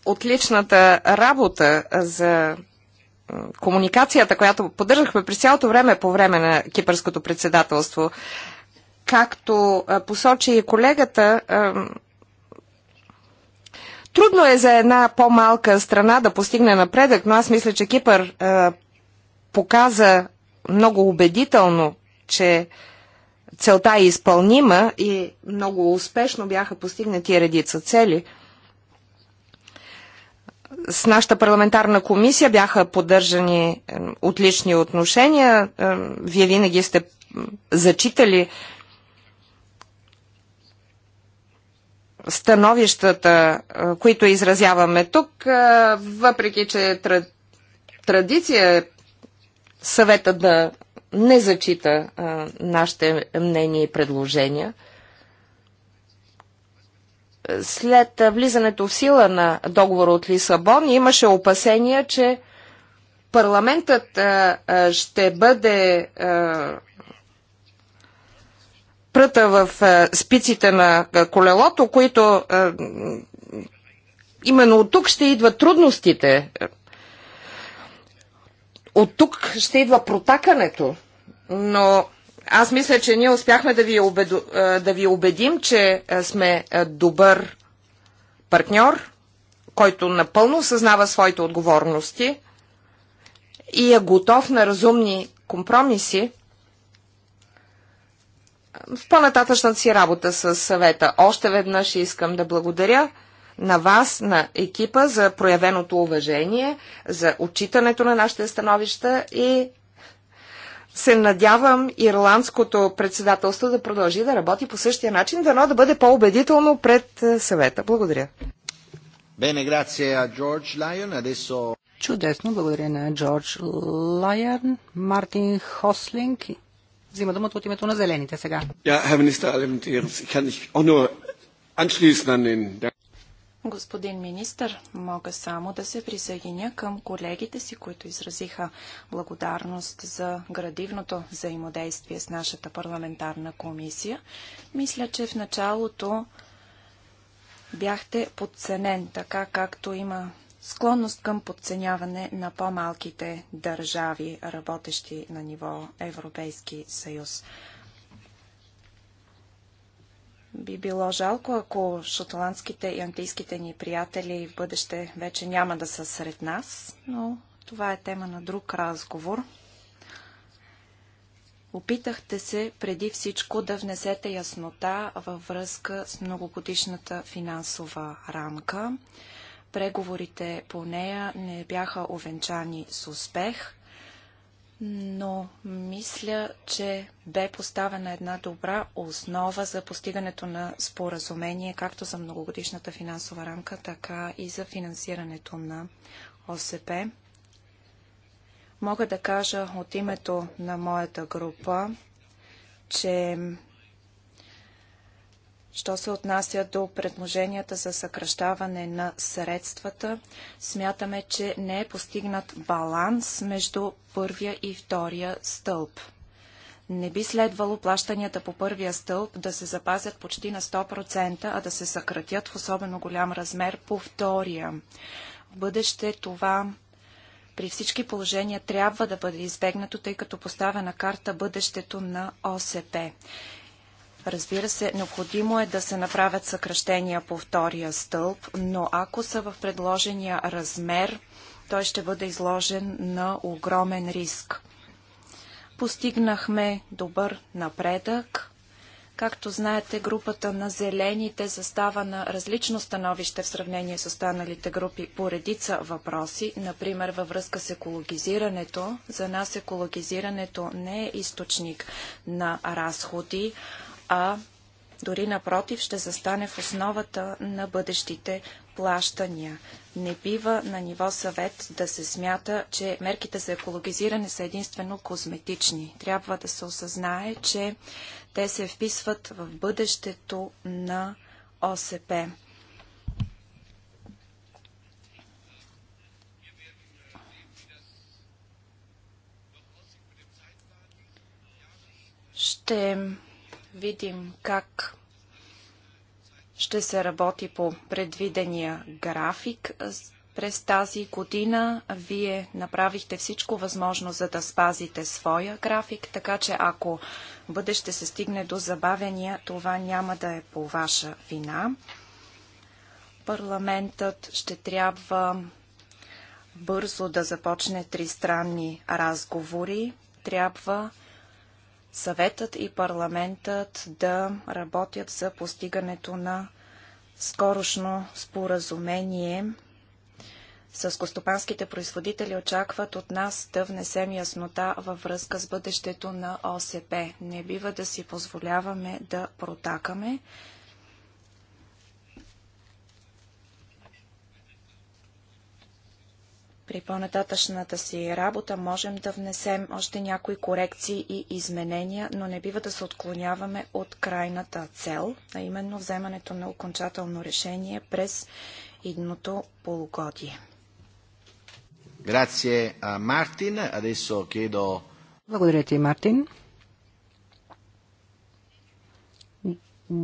отличната работа за комуникацията, която поддържахме през цялото време по време на кипърското председателство. Както посочи и колегата, трудно е за една по-малка страна да постигне напредък, но аз мисля, че Кипър показа много убедително, че целта е изпълнима и много успешно бяха постигнати редица цели. С нашата парламентарна комисия бяха поддържани отлични отношения. Вие винаги сте зачитали становищата, е, които изразяваме тук, е, въпреки че традиция е съвета да не зачита а, нашите мнения и предложения. След влизането в сила на договора от Лисабон имаше опасения, че парламентът а, а, ще бъде а, пръта в а, спиците на колелото, които а, именно от тук ще идват трудностите от тук ще идва протакането, но аз мисля, че ние успяхме да ви, убеду, е, да ви убедим, че е, сме е, добър партньор, който напълно съзнава своите отговорности и е готов на разумни компромиси в по-нататъчната си работа с съвета. Още веднъж искам да благодаря на вас, на екипа, за проявеното уважение, за отчитането на нашите становища и се надявам ирландското председателство да продължи да работи по същия начин, дано да бъде по-убедително пред е, съвета. Благодаря. Bene, grazie a George Lyon. Adesso... Чудесно, благодаря на Джордж Лайън. Мартин Хослинг взима думата от името на зелените сега. Ja, Herr Minister, ich kann nicht auch nur anschließen an den Господин министър, мога само да се присъединя към колегите си, които изразиха благодарност за градивното взаимодействие с нашата парламентарна комисия. Мисля, че в началото бяхте подценен, така както има склонност към подценяване на по-малките държави, работещи на ниво Европейски съюз. Би било жалко, ако шотландските и английските ни приятели в бъдеще вече няма да са сред нас, но това е тема на друг разговор. Опитахте се преди всичко да внесете яснота във връзка с многогодишната финансова рамка. Преговорите по нея не бяха овенчани с успех но мисля, че бе поставена една добра основа за постигането на споразумение, както за многогодишната финансова рамка, така и за финансирането на ОСП. Мога да кажа от името на моята група, че Що се отнася до предложенията за съкръщаване на средствата, смятаме, че не е постигнат баланс между първия и втория стълб. Не би следвало плащанията по първия стълб да се запазят почти на 100%, а да се съкратят в особено голям размер по втория. В бъдеще това при всички положения трябва да бъде избегнато, тъй като поставя на карта бъдещето на ОСП. Разбира се, необходимо е да се направят съкръщения по втория стълб, но ако са в предложения размер, той ще бъде изложен на огромен риск. Постигнахме добър напредък. Както знаете, групата на зелените застава на различно становище в сравнение с останалите групи по редица въпроси, например във връзка с екологизирането. За нас екологизирането не е източник на разходи, а дори напротив ще застане в основата на бъдещите плащания. Не бива на ниво съвет да се смята, че мерките за екологизиране са единствено козметични. Трябва да се осъзнае, че те се вписват в бъдещето на ОСП. Ще видим как ще се работи по предвидения график през тази година. Вие направихте всичко възможно, за да спазите своя график, така че ако бъдеще се стигне до забавения, това няма да е по ваша вина. Парламентът ще трябва бързо да започне тристранни разговори. Трябва съветът и парламентът да работят за постигането на скорошно споразумение. Съскостопанските производители очакват от нас да внесем яснота във връзка с бъдещето на ОСП. Не бива да си позволяваме да протакаме. при по-нататъчната си работа можем да внесем още някои корекции и изменения, но не бива да се отклоняваме от крайната цел, а именно вземането на окончателно решение през идното полугодие. Grazie a Martin. Adesso chiedo... Благодаря ти, Мартин.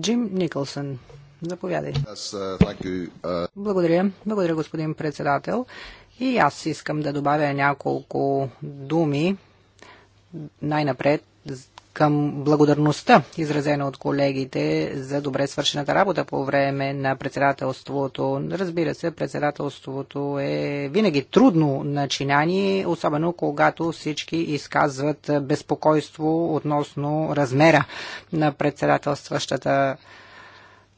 Джим Николсън, Заповядай. Благодаря. Благодаря, господин председател. И аз искам да добавя няколко думи най-напред към благодарността, изразена от колегите за добре свършената работа по време на председателството. Разбира се, председателството е винаги трудно начинание, особено когато всички изказват безпокойство относно размера на председателстващата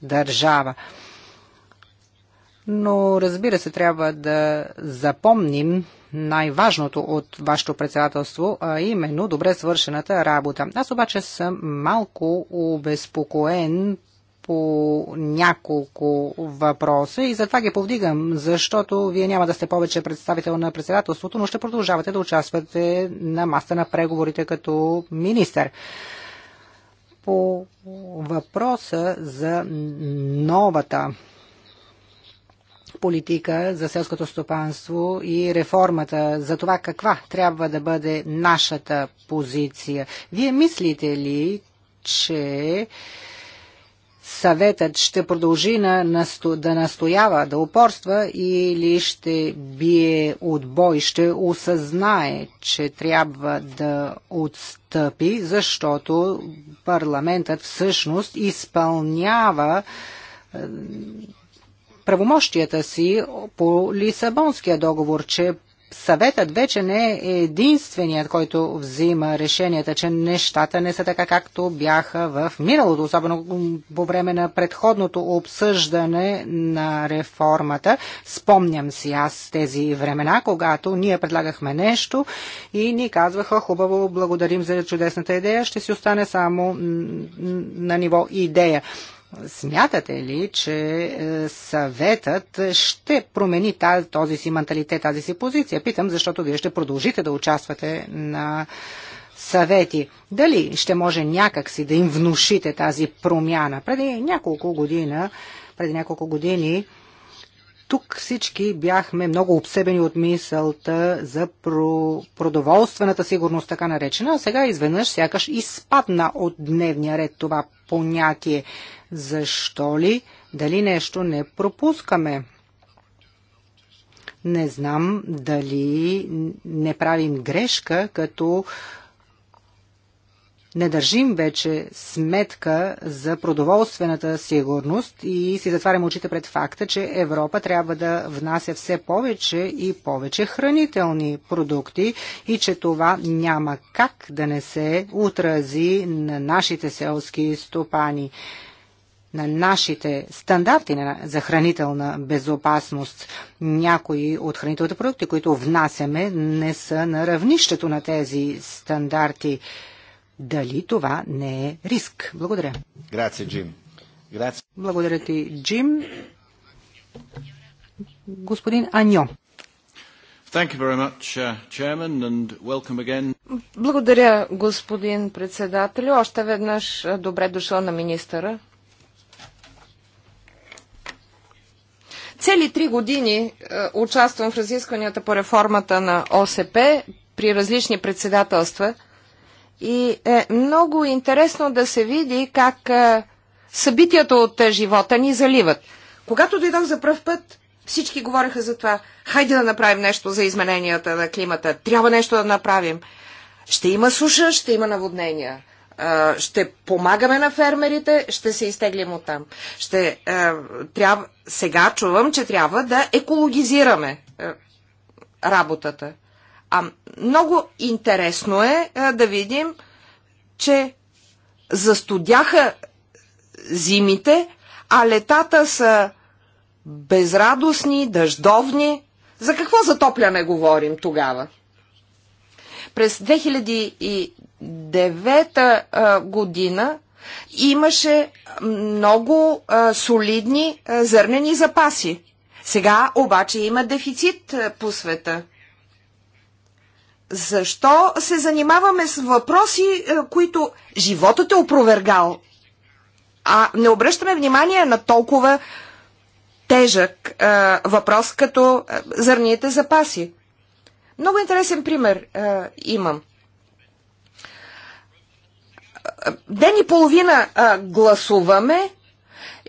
държава. Но разбира се, трябва да запомним най-важното от вашето председателство, а именно добре свършената работа. Аз обаче съм малко обезпокоен по няколко въпроса и затова ги повдигам, защото вие няма да сте повече представител на председателството, но ще продължавате да участвате на маста на преговорите като министър. По въпроса за новата политика за селското стопанство и реформата, за това каква трябва да бъде нашата позиция. Вие мислите ли, че съветът ще продължи на, да настоява, да упорства или ще бие отбой, ще осъзнае, че трябва да отстъпи, защото парламентът всъщност изпълнява правомощията си по Лисабонския договор, че съветът вече не е единственият, който взима решенията, че нещата не са така както бяха в миналото, особено по време на предходното обсъждане на реформата. Спомням си аз тези времена, когато ние предлагахме нещо и ни казваха хубаво, благодарим за чудесната идея, ще си остане само на ниво идея. Смятате ли, че е, съветът ще промени този си менталитет, тази си позиция? Питам, защото вие ще продължите да участвате на съвети. Дали ще може някакси да им внушите тази промяна? Преди няколко година, преди няколко години тук всички бяхме много обсебени от мисълта за продоволствената сигурност, така наречена, а сега изведнъж сякаш изпадна от дневния ред това понятие. Защо ли? Дали нещо не пропускаме? Не знам дали не правим грешка, като не държим вече сметка за продоволствената сигурност и си затваряме очите пред факта, че Европа трябва да внася все повече и повече хранителни продукти и че това няма как да не се отрази на нашите селски стопани на нашите стандарти за хранителна безопасност. Някои от хранителните продукти, които внасяме, не са на равнището на тези стандарти. Дали това не е риск? Благодаря. Грация, Джим. Грация. Благодаря ти, Джим. Господин Аньо. Much, uh, chairman, Благодаря, господин председател. Още веднъж uh, добре дошъл на министъра. Цели три години е, участвам в разискванията по реформата на ОСП при различни председателства и е много интересно да се види как е, събитията от е, живота ни заливат. Когато дойдох за пръв път, всички говореха за това. Хайде да направим нещо за измененията на климата. Трябва нещо да направим. Ще има суша, ще има наводнения ще помагаме на фермерите, ще се изтеглим от там. Ще, трябва, сега чувам, че трябва да екологизираме работата. А много интересно е да видим, че застудяха зимите, а летата са безрадостни, дъждовни. За какво затопляне говорим тогава? През 1989 година имаше много солидни зърнени запаси. Сега обаче има дефицит по света. Защо се занимаваме с въпроси, които животът е опровергал, а не обръщаме внимание на толкова тежък а, въпрос като зърните запаси? Много интересен пример а, имам ден и половина а, гласуваме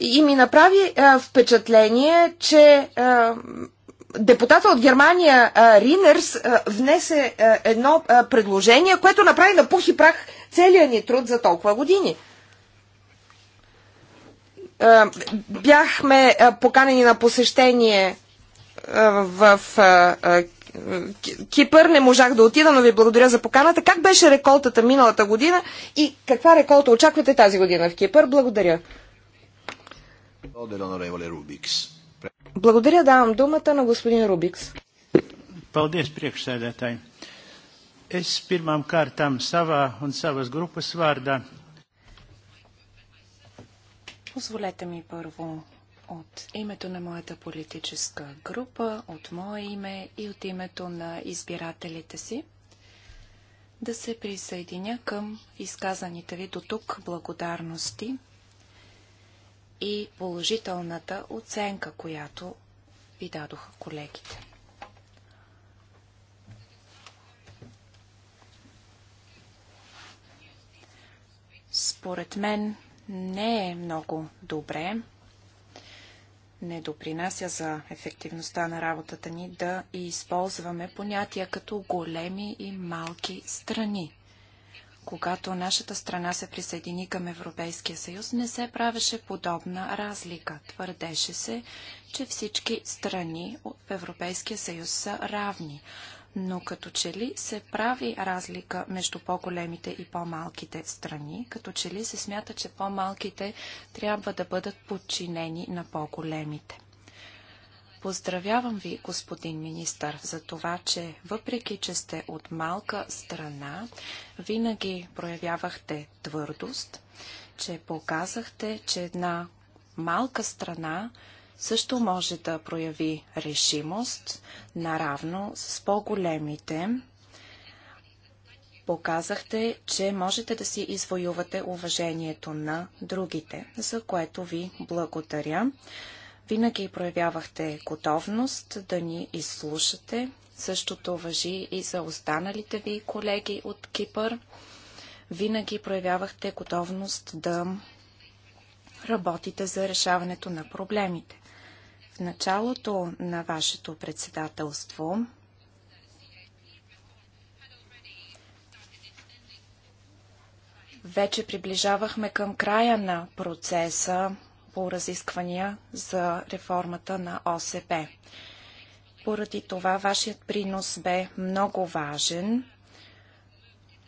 и ми направи а, впечатление, че а, депутата от Германия а, Ринерс а, внесе а, едно а, предложение, което направи на пух и прах целия ни труд за толкова години. А, бяхме а, поканени на посещение в Кипър не можах да отида, но ви благодаря за поканата. Как беше реколтата миналата година и каква реколта очаквате тази година в Кипър? Благодаря. Благодаря, давам думата на господин Рубикс. Paldies, priekšsēdētāji. Es pirmām kārtām savā un savas grupas vārdā. Позволете ми първо от името на моята политическа група, от мое име и от името на избирателите си да се присъединя към изказаните ви до тук благодарности и положителната оценка, която ви дадоха колегите. Според мен не е много добре не допринася за ефективността на работата ни да използваме понятия като големи и малки страни. Когато нашата страна се присъедини към Европейския съюз, не се правеше подобна разлика. Твърдеше се, че всички страни в Европейския съюз са равни но като че ли се прави разлика между по-големите и по-малките страни, като че ли се смята, че по-малките трябва да бъдат подчинени на по-големите. Поздравявам ви, господин министър, за това, че въпреки, че сте от малка страна, винаги проявявахте твърдост, че показахте, че една малка страна също може да прояви решимост, наравно с по-големите. Показахте, че можете да си извоювате уважението на другите, за което ви благодаря. Винаги проявявахте готовност да ни изслушате. Същото въжи и за останалите ви колеги от Кипър. Винаги проявявахте готовност да работите за решаването на проблемите началото на вашето председателство вече приближавахме към края на процеса по разисквания за реформата на ОСП. Поради това вашият принос бе много важен.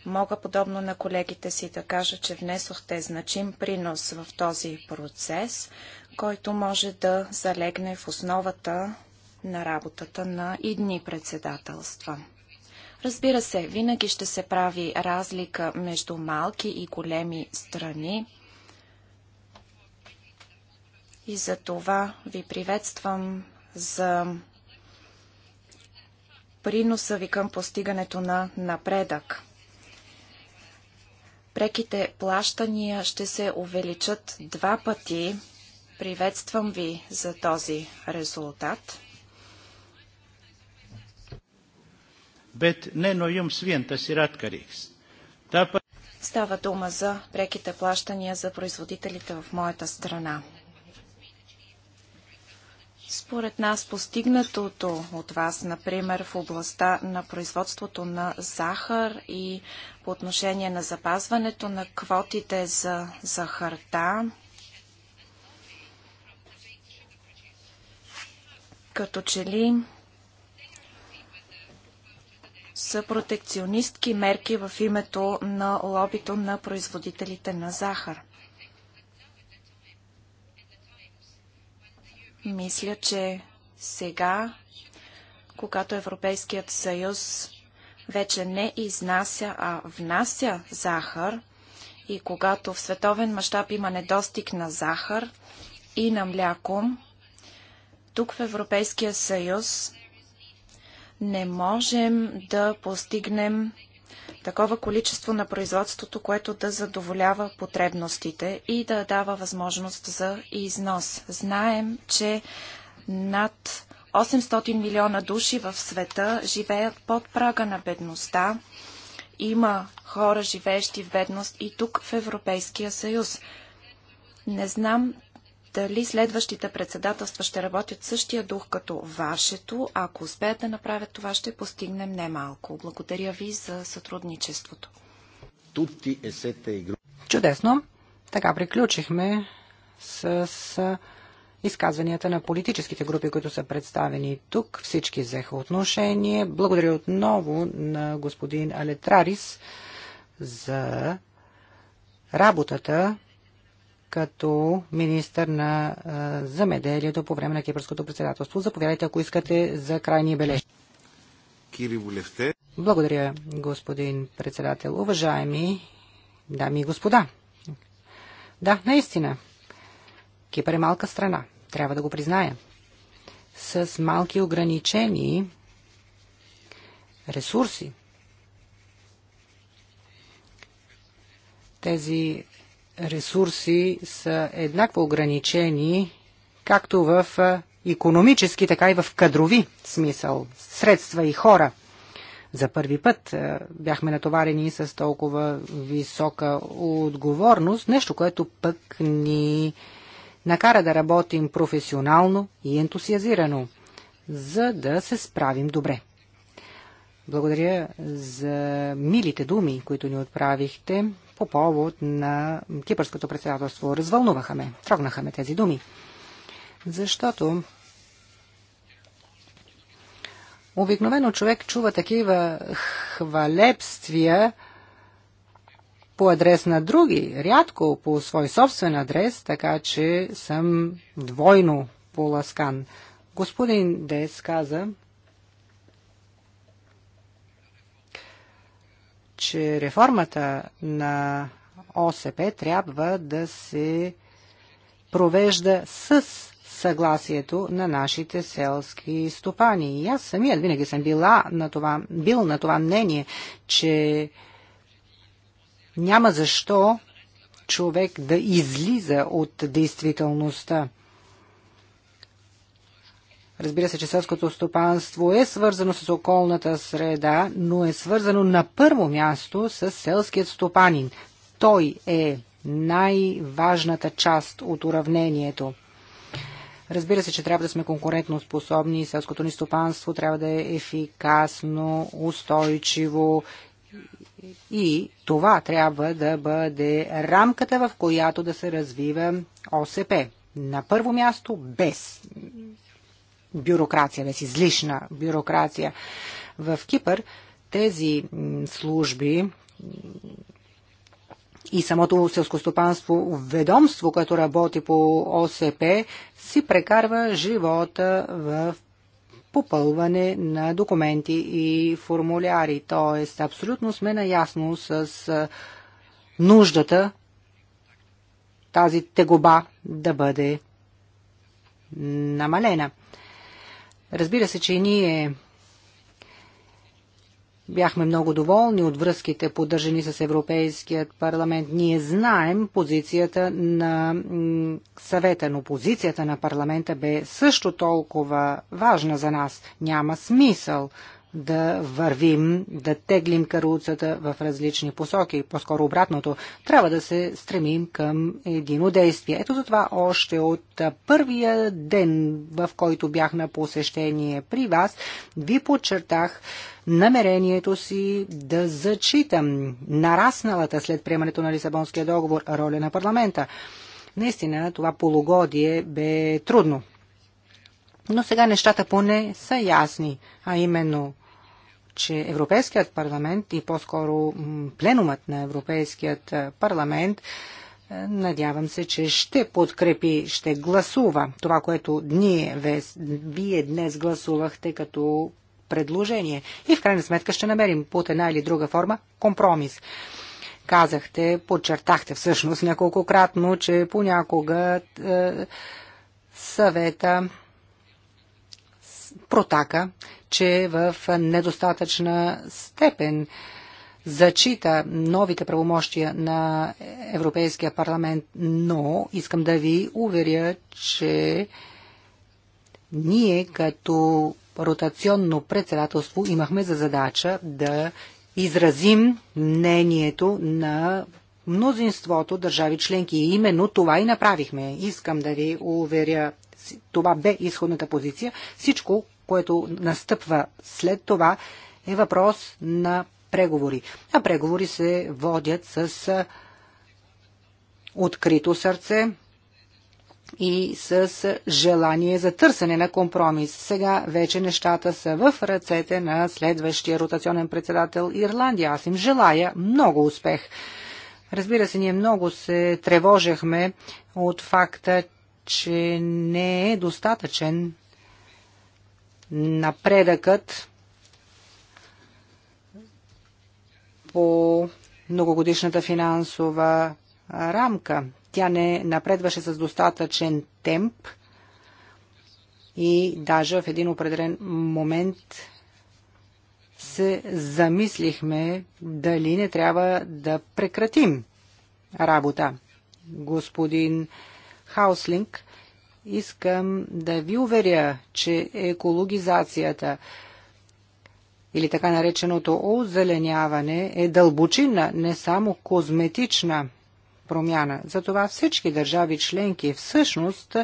Мога подобно на колегите си да кажа, че внесохте значим принос в този процес, който може да залегне в основата на работата на идни председателства. Разбира се, винаги ще се прави разлика между малки и големи страни. И за това ви приветствам за приноса ви към постигането на напредък преките плащания ще се увеличат два пъти. Приветствам ви за този резултат. Става дума за преките плащания за производителите в моята страна. Според нас постигнатото от вас, например, в областта на производството на захар и по отношение на запазването на квотите за захарта, като че ли са протекционистки мерки в името на лобито на производителите на захар. Мисля, че сега, когато Европейският съюз вече не изнася, а внася захар, и когато в световен мащаб има недостиг на захар и на мляко, тук в Европейския съюз не можем да постигнем такова количество на производството, което да задоволява потребностите и да дава възможност за износ. Знаем, че над 800 милиона души в света живеят под прага на бедността. Има хора, живеещи в бедност и тук в Европейския съюз. Не знам дали следващите председателства ще работят същия дух като вашето. Ако успеят да направят това, ще постигнем немалко. Благодаря ви за сътрудничеството. Е Чудесно. Така приключихме с изказванията на политическите групи, които са представени тук. Всички взеха отношение. Благодаря отново на господин Алетрарис за работата, като министър на замеделието по време на кипърското председателство. Заповядайте, ако искате, за крайни бележки. Кири Благодаря, господин председател. Уважаеми дами и господа. Да, наистина. Кипър е малка страна. Трябва да го призная. С малки ограничени ресурси. Тези ресурси са еднакво ограничени, както в економически, така и в кадрови смисъл, средства и хора. За първи път бяхме натоварени с толкова висока отговорност, нещо, което пък ни накара да работим професионално и ентусиазирано, за да се справим добре. Благодаря за милите думи, които ни отправихте по повод на кипърското председателство. Развълнуваха ме, трогнаха ме тези думи. Защото обикновено човек чува такива хвалепствия по адрес на други, рядко по свой собствен адрес, така че съм двойно поласкан. Господин Дес каза, че реформата на ОСП трябва да се провежда с съгласието на нашите селски стопани. И аз самият винаги съм била на това, бил на това мнение, че няма защо човек да излиза от действителността. Разбира се, че селското стопанство е свързано с околната среда, но е свързано на първо място с селският стопанин. Той е най-важната част от уравнението. Разбира се, че трябва да сме конкурентно способни, селското ни стопанство трябва да е ефикасно, устойчиво и това трябва да бъде рамката, в която да се развива ОСП. На първо място без бюрокрация, без излишна бюрокрация. В Кипър тези служби и самото селскостопанство ведомство, което работи по ОСП, си прекарва живота в попълване на документи и формуляри. Тоест, абсолютно сме наясно с нуждата тази тегоба да бъде намалена. Разбира се, че и ние бяхме много доволни от връзките, поддържани с Европейският парламент. Ние знаем позицията на съвета, но позицията на парламента бе също толкова важна за нас. Няма смисъл да вървим, да теглим каруцата в различни посоки. По-скоро обратното, трябва да се стремим към едино действие. Ето за това още от първия ден, в който бях на посещение при вас, ви подчертах намерението си да зачитам нарасналата след приемането на Лисабонския договор роля на парламента. Наистина, това полугодие бе трудно. Но сега нещата поне са ясни, а именно че Европейският парламент и по-скоро пленумът на Европейският е, парламент е, Надявам се, че ще подкрепи, ще гласува това, което ние, вие днес гласувахте като предложение. И в крайна сметка ще намерим под една или друга форма компромис. Казахте, подчертахте всъщност няколкократно, че понякога е, съвета протака че е в недостатъчна степен зачита новите правомощия на Европейския парламент, но искам да ви уверя, че ние като ротационно председателство имахме за задача да изразим мнението на мнозинството държави членки. И именно това и направихме. Искам да ви уверя, това бе изходната позиция. Всичко, което настъпва след това, е въпрос на преговори. А преговори се водят с открито сърце и с желание за търсене на компромис. Сега вече нещата са в ръцете на следващия ротационен председател Ирландия. Аз им желая много успех. Разбира се, ние много се тревожехме от факта, че не е достатъчен напредъкът по многогодишната финансова рамка. Тя не напредваше с достатъчен темп и даже в един определен момент се замислихме дали не трябва да прекратим работа. Господин Хауслинг искам да ви уверя, че екологизацията или така нареченото озеленяване е дълбочина, не само козметична промяна. Затова всички държави членки всъщност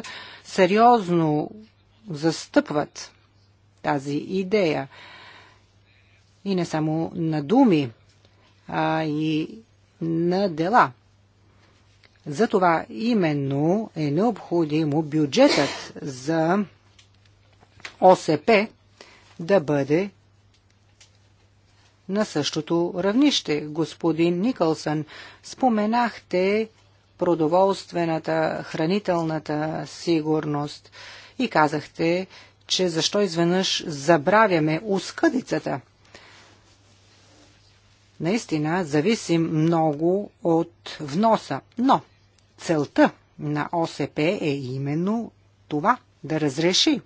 сериозно застъпват тази идея. И не само на думи, а и на дела. Затова именно е необходимо бюджетът за ОСП да бъде на същото равнище. Господин Никълсън, споменахте продоволствената, хранителната сигурност и казахте, че защо изведнъж забравяме ускъдицата. Наистина зависим много от вноса, но Целта на ОСП е именно това да разреши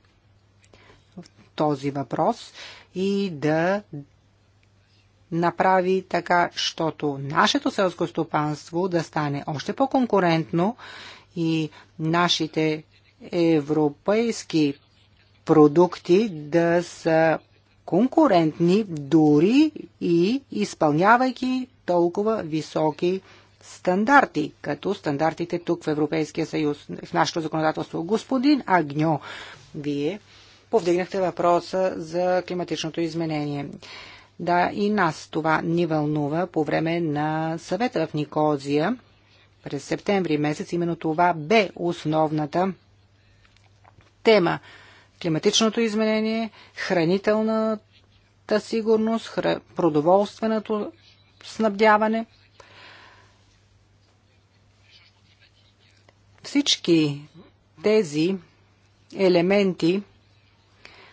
този въпрос и да направи така, щото нашето селско стопанство да стане още по-конкурентно и нашите европейски продукти да са конкурентни дори и изпълнявайки толкова високи стандарти, като стандартите тук в Европейския съюз, в нашето законодателство. Господин Агньо, вие повдигнахте въпроса за климатичното изменение. Да, и нас това ни вълнува по време на съвета в Никозия през септември месец. Именно това бе основната тема. Климатичното изменение, хранителната сигурност, продоволственото снабдяване – Всички тези елементи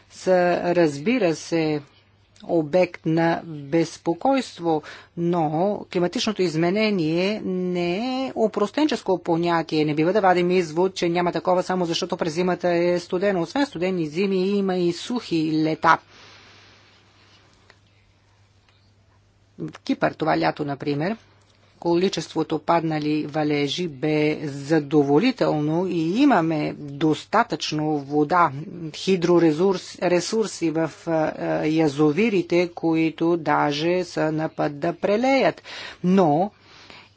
са, разбира се, обект на безпокойство, но климатичното изменение не е упростенческо понятие. Не бива да вадим извод, че няма такова само защото през зимата е студено. Освен студени зими има и сухи лета. В Кипър това лято, например, количеството паднали валежи бе задоволително и имаме достатъчно вода, хидроресурси в язовирите, които даже са на път да прелеят. Но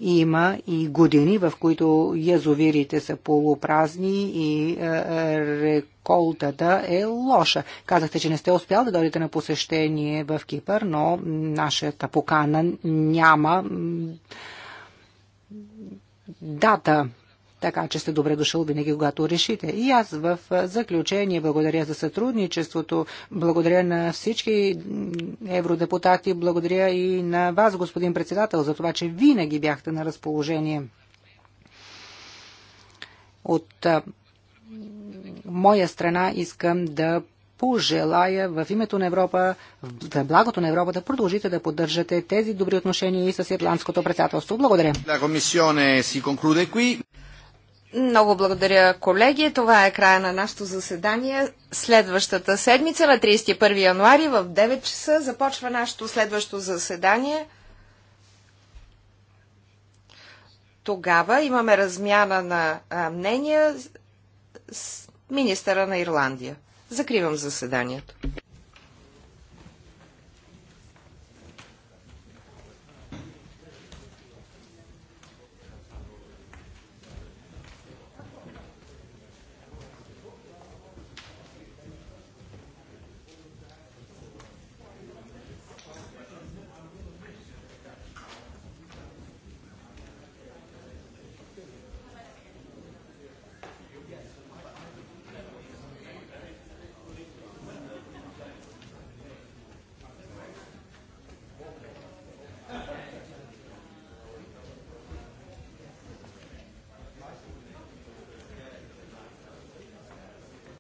има и години, в които язовирите са полупразни и е, е, реколтата е лоша. Казахте, че не сте успял да дойдете на посещение в Кипър, но нашата покана няма дата. Така че сте добре дошъл винаги, когато решите. И аз в заключение благодаря за сътрудничеството, благодаря на всички евродепутати, благодаря и на вас, господин председател, за това, че винаги бяхте на разположение. От моя страна искам да пожелая в името на Европа, в благото на Европа, да продължите да поддържате тези добри отношения и с Ирландското председателство. Благодаря. Много благодаря, колеги. Това е края на нашето заседание. Следващата седмица, на 31 януари в 9 часа, започва нашето следващо заседание. Тогава имаме размяна на мнения с министъра на Ирландия. Закривам заседанието.